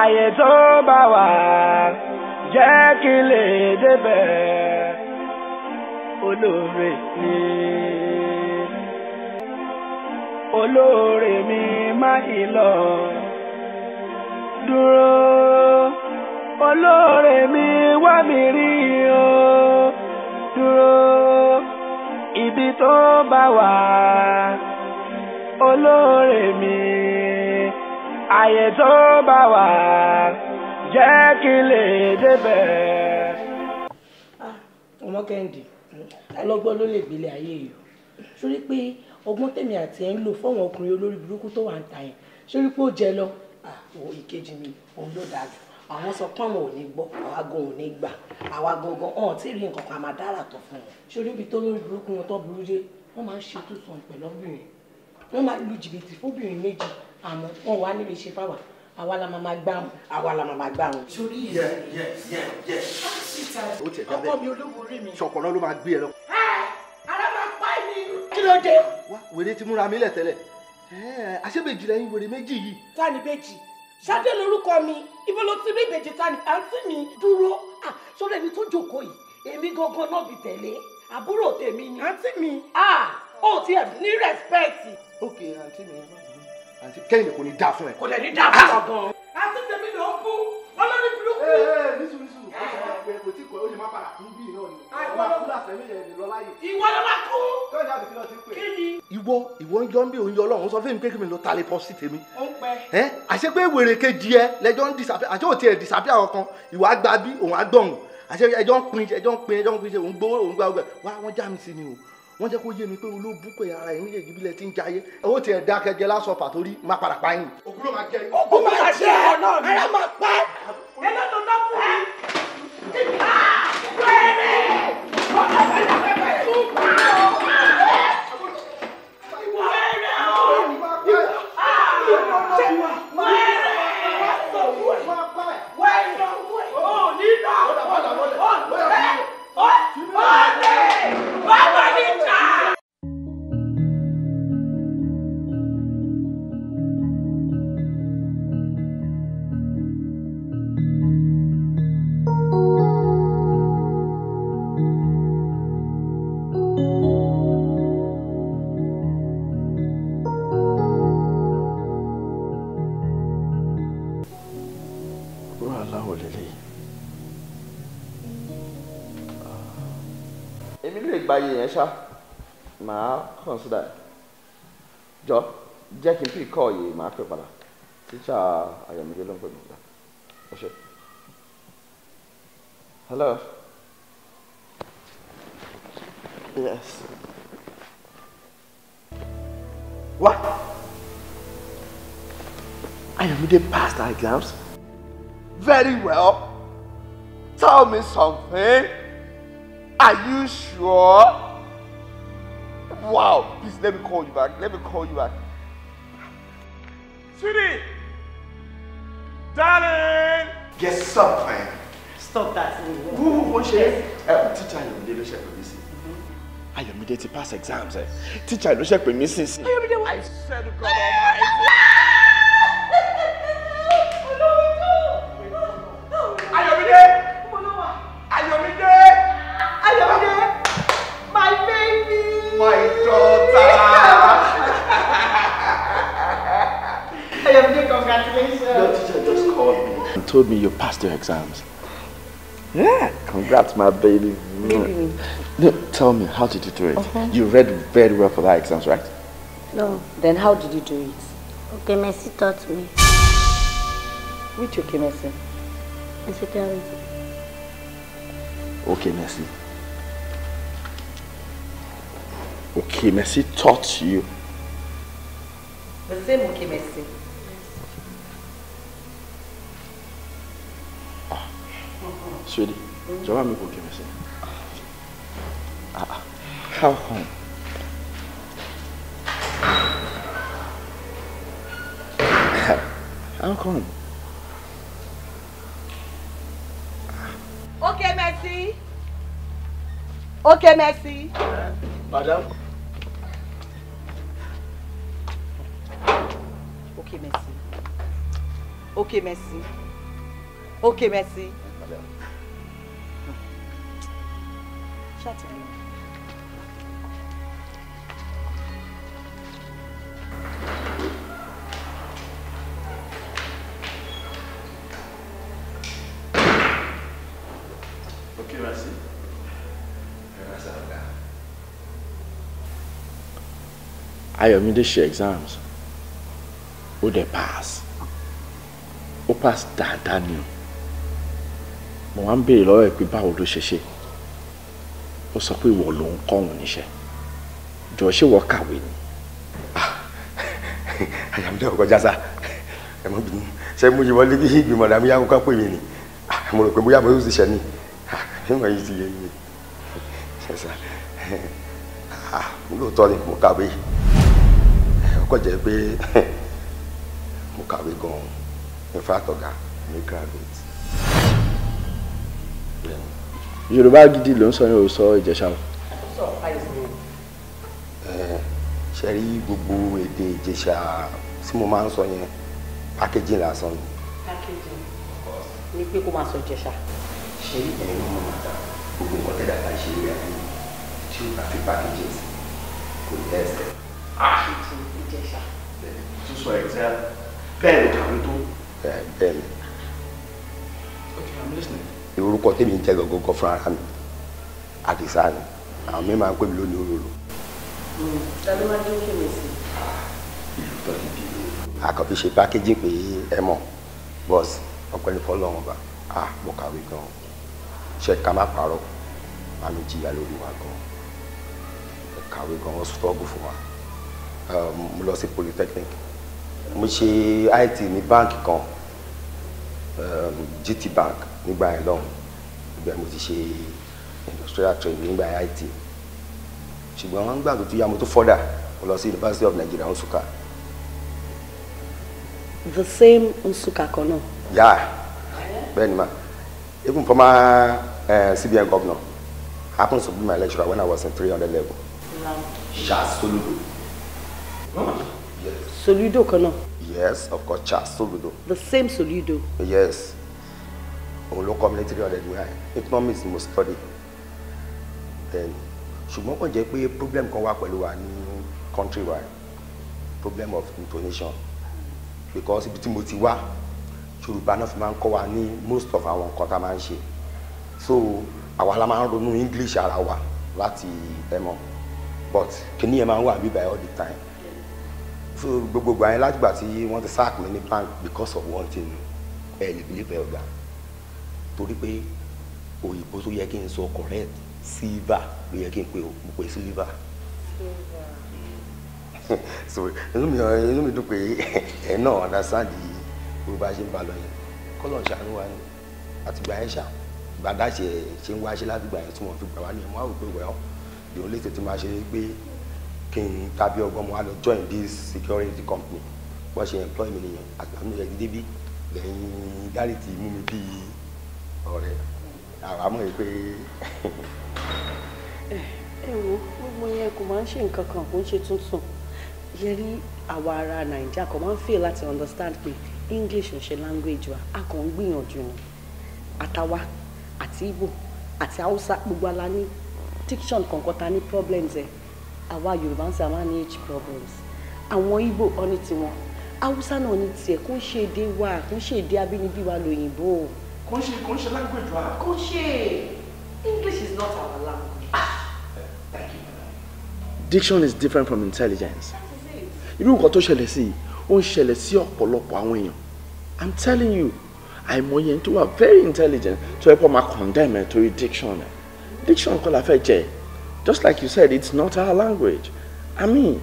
àyè tó bá wà jẹ́ kí n lè débẹ̀ olóore mi olóore mi má ì lọ dúró olóore mi wá mi rí o dúró ibi tó bá wà olóore mi ààyè tó bá wà jẹ́ kí n lè débẹ̀. Ah, ọmọ kẹ́hìndé
ọlọ́gbọ́n ló lè gbélé ayé yìí sórí pé ọgbọ́n tèmi àti ẹ̀ ń lò fọ́wọ́n ọkùnrin olórí burúkú tó wà ń ta yẹn sórí pé ó jẹ lọ àwọn ah, ìkejì mi òun ló dáa àwọn sọ pé àwọn ò ní gbọ́ àwa ò ní gbà àwa gangan ọ̀hún tí rí nǹkan kan máa dára tọ̀ fún wọn. sórí ibi tó lórí burúkú wọn tó burú dé wọn máa ń ṣe tó sàn pẹ̀lú obìnrin wọn máa lu jìbìtì fóbìnrin méjì àmọ́ wọn wà níbi ṣe fáwà àwa la máa gbà wọn. àwa la máa gbà wọn. sórí yẹ
yẹ yẹ yẹ. ọkọ mi ológun rí mi. sọkọ náà ló máa gbé ẹ lọ. ara
máa pa ẹni kí ló dé.
wá wèrè ti múra mi lẹ
Eh, àṣebèjì lẹ́yìn wèrè méjì yìí. tani bèjì ṣadé lorúkọ mi ibo ló ti rí ìbejì tani àǹtí mi dúró sórí ẹni tó jókòó yìí èmi gangan náà bì tẹ̀lé àbúrò tèmi ni. àǹtí mi ó ti ẹ̀ ní rẹ́spẹ̀tì.
ok àǹtí mi àǹtí kẹ́hìndé kò ní dáa fún ẹ. kò dẹ̀ ní dáa fún ah! ọ gan. àǹtí tèmi ló kú olórí burúkú. ẹ eh, ẹ eh, ó sọ wọn pé kò tí kò ó lè má padà kú bí náà ni. àwọn àbúrò àfẹ́mí yẹn lè lọ láyè. ìwọ ló máa kú. tọ́jà àbùkí lọ ti pè. kí ni. ìwọ ìwọ ń yọ ń bí òun yọ ọlọ́run sọ fún mi pé kí mi lọ ta lè pọ sí tèmi. ó ń pẹ. ẹ àṣẹ pé wèrè kejì ẹ lẹjọ ń disapia àti òtí ẹ disapia kankan ìwà àgbà bí òun àgbọ̀n àṣẹ ẹjọ́ ń pin ẹjọ́ ń pin ẹjọ́ ń pin ṣe òun gbowó òun gba ọgbẹ wá wọn já mi sí ni o wọ́n jẹ́ kó yé mi pé olóbùkọ̀ ara ẹ̀yìn lè jubilẹ̀ tí ń jayé owó tiẹ̀ dá kẹjẹ lásán pàtó rí má padà pa yín.
òkú máa jẹ òkú
Bye. Hello. Yes. consider jọ jẹ́ kí the past, kọ́ yìí ló ó ṣe. hello yes exams very well tell me something are you sure. wow, please let me call you back. Let me call you back. Sweetie! Darling! Yes, something. Stop that. Who, who, who, uh, teacher, you ló ṣe pè mí sí. Ayọ̀mídé ti pass exams. Eh. Teacher ló ṣe pè mí sí. Ayọ̀mídé, I said,
God Almighty.
me you passed your exams. Yeah, congrats, my baby. No, tell me, how did you do it? Uh-huh. You read very well for that exams, right?
No. Then how did you do it? Okay, Messi taught me. Which okay, Messi? Hospitality.
Okay, Messi. Okay, Messi taught you.
The same okay, Messi.
Shady, so I'm going to give me Ah, how come? How come?
Okay, merci. Okay, merci. Uh, madam. Okay, merci. Okay, merci. Okay, merci. Madame ṣàtìlẹ́yìn.
Ayọ̀mídé ṣe exams ó dẹ̀ pass ó pass dáadáa ni mo máa ń béèrè lọ́wọ́ ẹ̀ pé báwo ló ṣe ṣe sọ pé ìwọ ló ń kọ́ òun níṣẹ́ jọ ṣé wọ́n kàwé ni. Ah,
àyàmúdé ọkọ jásá ẹ mọ bínú ṣé mo yìí wọlé bí ìgbìmọ̀ làmú yá kókó pè mí ni ah, mo rò pé bóyá mo yóò ti ṣẹ ni ìmọ̀ ah, yìí ti yẹ yìí ṣẹṣà lóòótọ́ ni mo kàwé ọkọ jẹ́ pé mo kàwé gan-an in fact ọ̀gá mi graduate.
Yeah yorùbá gidi ló ń sọ yóò sọ ìjẹ̀ṣà o. ṣe rí gbogbo èdè ìjẹ̀ṣà
tí mo máa ń sọ yẹn pákéjì lásán ni.
pákéjì ni pé kó máa sọ ìjẹ̀ṣà. ṣé ẹ̀yin ọmọ màtá
gbogbo nǹkan tẹ́lẹ̀ àti ṣe ìrìn àjò tí ó bá fi pákéjì sí kò ní ẹsẹ̀. àṣìtì ah! ìjẹ̀ṣà.
tó sọ ẹ̀jẹ̀ bẹ́ẹ̀ ló kàwé tó. bẹ́ẹ̀ ni. okay i'm listening
orúkọ tèmi ń jẹ́ gọ́gọ́gọ́ fún ara mi àdìsá ni àwọn mi máa ń pè mí lónìí òróró.
ta ló wá dé òkè mi sí.
ìlú tó ti di ìlú. àkànfi ṣe pákéjì pé ẹ mọ̀ bọ́ọ̀sì ọpẹ́ ní fọlọ́run bá a mo kàwé gan ṣe ká má parọ́ àmì jìyà lórí wa gan ẹ kàwé gan wọ́n sọ́ọ̀gù fún wa mo lọ sí polytechnic mo ṣe IT ní báǹkì kan GT bank nígbà yẹn lọ́hùn ìgbà mo ti ṣe industrial training nígbà IT ṣùgbọ́n wọ́n ń tó yá mo tó fọ́dà mo lọ sí University of Nigeria Nsukka.
the same Nsukka kan náà.
yà bẹ́ẹ̀ ni ma even former uh, eh, CBN governor happens to be my lecturer when I was in three hundred level. Charles Soludo.
Huh? Yes. Soludo kan náà.
Yes, of course, Charles Soludo.
The same Soludo.
Yes òun ló kọ́ mi ní three hundred naira economics mo study then ṣùgbọ́n kò jẹ́ pé problem kan wà pẹ̀lú wa ní country wa problem of intonation because ibi tí mo ti wá yorùbá náà fi máa ń kọ́ wa ní most of àwọn nǹkan tá a máa ń ṣe so àwa la máa ń ronú english ara wa láti ẹmọ but kìíní yẹn máa ń wà bí by all the time so gbogbogbò àyẹn látìgbà tí wọ́n ti sack mi ní bank because of one thing ẹ̀ lè believe ẹ̀ ọ̀gá torí pé òyìnbó tó yẹ kí n sọ correct silver ló yẹ kí n pe mo pe silver. so inú mi inú mi dùn pé ẹ náà understand yìí bó bá ṣe ń ba lọ yẹn kọ́lọ̀ ń ṣàánú wa ni àtìgbà ẹ̀ ṣà gbàdá ṣe ṣe ń wá ṣe látìgbà yẹn tí wọ́n fi gbà wá ní ẹ̀mọ́ àwògbé wẹ̀ ọ́ yòó lè tètè máa ṣe pé kí n tàbí ọgbọ́n mo wá lọ join this security company wọ́n ṣe employ mi nìyẹn àgbà mi rẹ̀ dídé bí lẹ́yìn dárí ti mú mi bíi ọ̀rẹ́ àwámọ̀ yìí pé.
ẹ wo gbogbo yẹn kò máa ń ṣe nǹkan kan kò ń ṣe tuntun yẹrí àwa ará nàìjíríà kò máa ń fẹ́ láti understand pé english ń language wa a kàn ń gbìyànjú ni àtàwa àti Igbo àti haúsá gbogbo ala ní diction kọ̀ọ̀kan ta ní problems ẹ̀ àwa yorùbá ń sàmá ní age problems àwọn ibo ọ ní tiwọn haúsá náà ní tiẹ̀ kó ń ṣe èdè wa kó ń ṣe èdè abínibí wa lòyìnbó kò ń ṣe kò ń ṣe language wa. kò ṣe English is not our language. Ah,
diction is different from intelligence. irú nǹkan tó ṣẹlẹ̀ sí i ó ń ṣẹlẹ̀ sí ọ̀pọ̀lọpọ̀ àwọn èèyàn i'm telling you àìmọye tó wà very intelligent tó yẹ kó máa condemn ẹ torí diction ẹ diction kọ́ la fẹ́ jẹ just like you said it's not our language i mean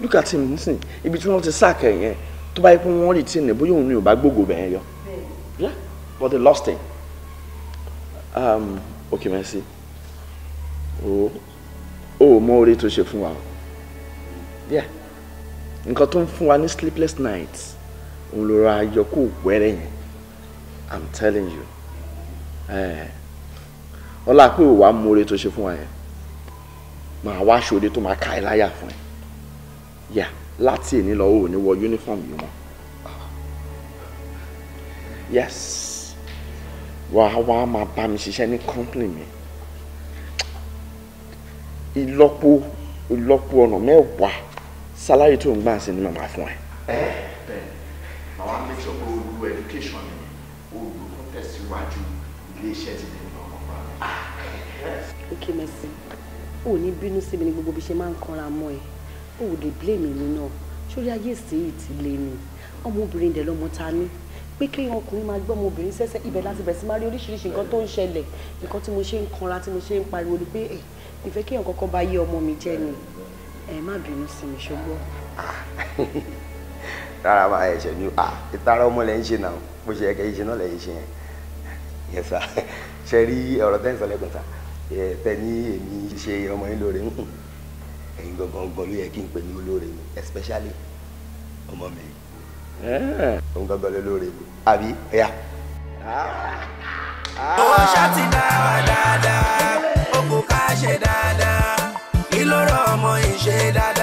look at him nisin ibi tí wọ́n ti sáà kẹ̀yìn ẹ tó bá yẹ kó wọ́n rìn tí ì bóyá òun ni ò bá gbogbo bẹ̀yẹn yọ but the last thing? Um, okay, Mercy. Oh, oh, more orí tó Yeah. in cotton, ń fún sleepless nights, òun ló ra yọkú wẹ́rẹ́ yẹn. I'm telling you. Eh, ola ku wa mú orí tó ṣe wa yẹn. Màá wá ṣòde tó máa ka ẹ láyà Yeah, láti èní lọ, o ni wo uniform yìí mọ́. Yes wàá wàá máa bá mi ṣiṣẹ́ ní company mi ìlọ́po ìlọ́po ọ̀nà mẹ́wàá sálárì tó ń gbà sí ni màmá fún ẹ. ẹ bẹ́ẹ̀
ah, ò ní bínú sí mi ní gbogbo bí ṣe máa ń kanra mọ́ ẹ ò lè blame mi náà sórí ayé sí ìtìlẹ mi ọmọbìnrin dẹ̀ lọ́mọ ta ní pé kéèyàn ọkùnrin máa gbọ́ ọmọbìnrin sẹ́sẹ́ ibẹ̀ láti bẹ̀rẹ̀ sí máa rí oríṣiríṣi nǹkan tó ń ṣẹlẹ̀ nǹkan tí mo ṣe ń kanra tí mo ṣe ń pariwo ni pé ẹ ìfẹ́ kéèyàn kọ́kọ́ bá yé ọmọ mi jẹ́ ni ẹ má bínú sí mi ṣùgbọ́n.
rárá máa ẹ̀ṣẹ̀ ni ìtara ọmọ lẹ́yìn ṣe náà bó ṣe ẹ̀kẹ́ yìí ṣe náà lẹ́yìn ṣe yẹn yẹn sá ṣe rí ọ̀rọ̀ tẹ́ ń sọ lẹ́gbọ̀n sá tẹ ní èmi especially ọmọ mi Eh. òun gangan lé lórí mi àbí ẹ̀yà.
owó ṣáàtì dá dáadáa ó ká ṣe dáadáa kí ló rọ ọmọ dáadáa.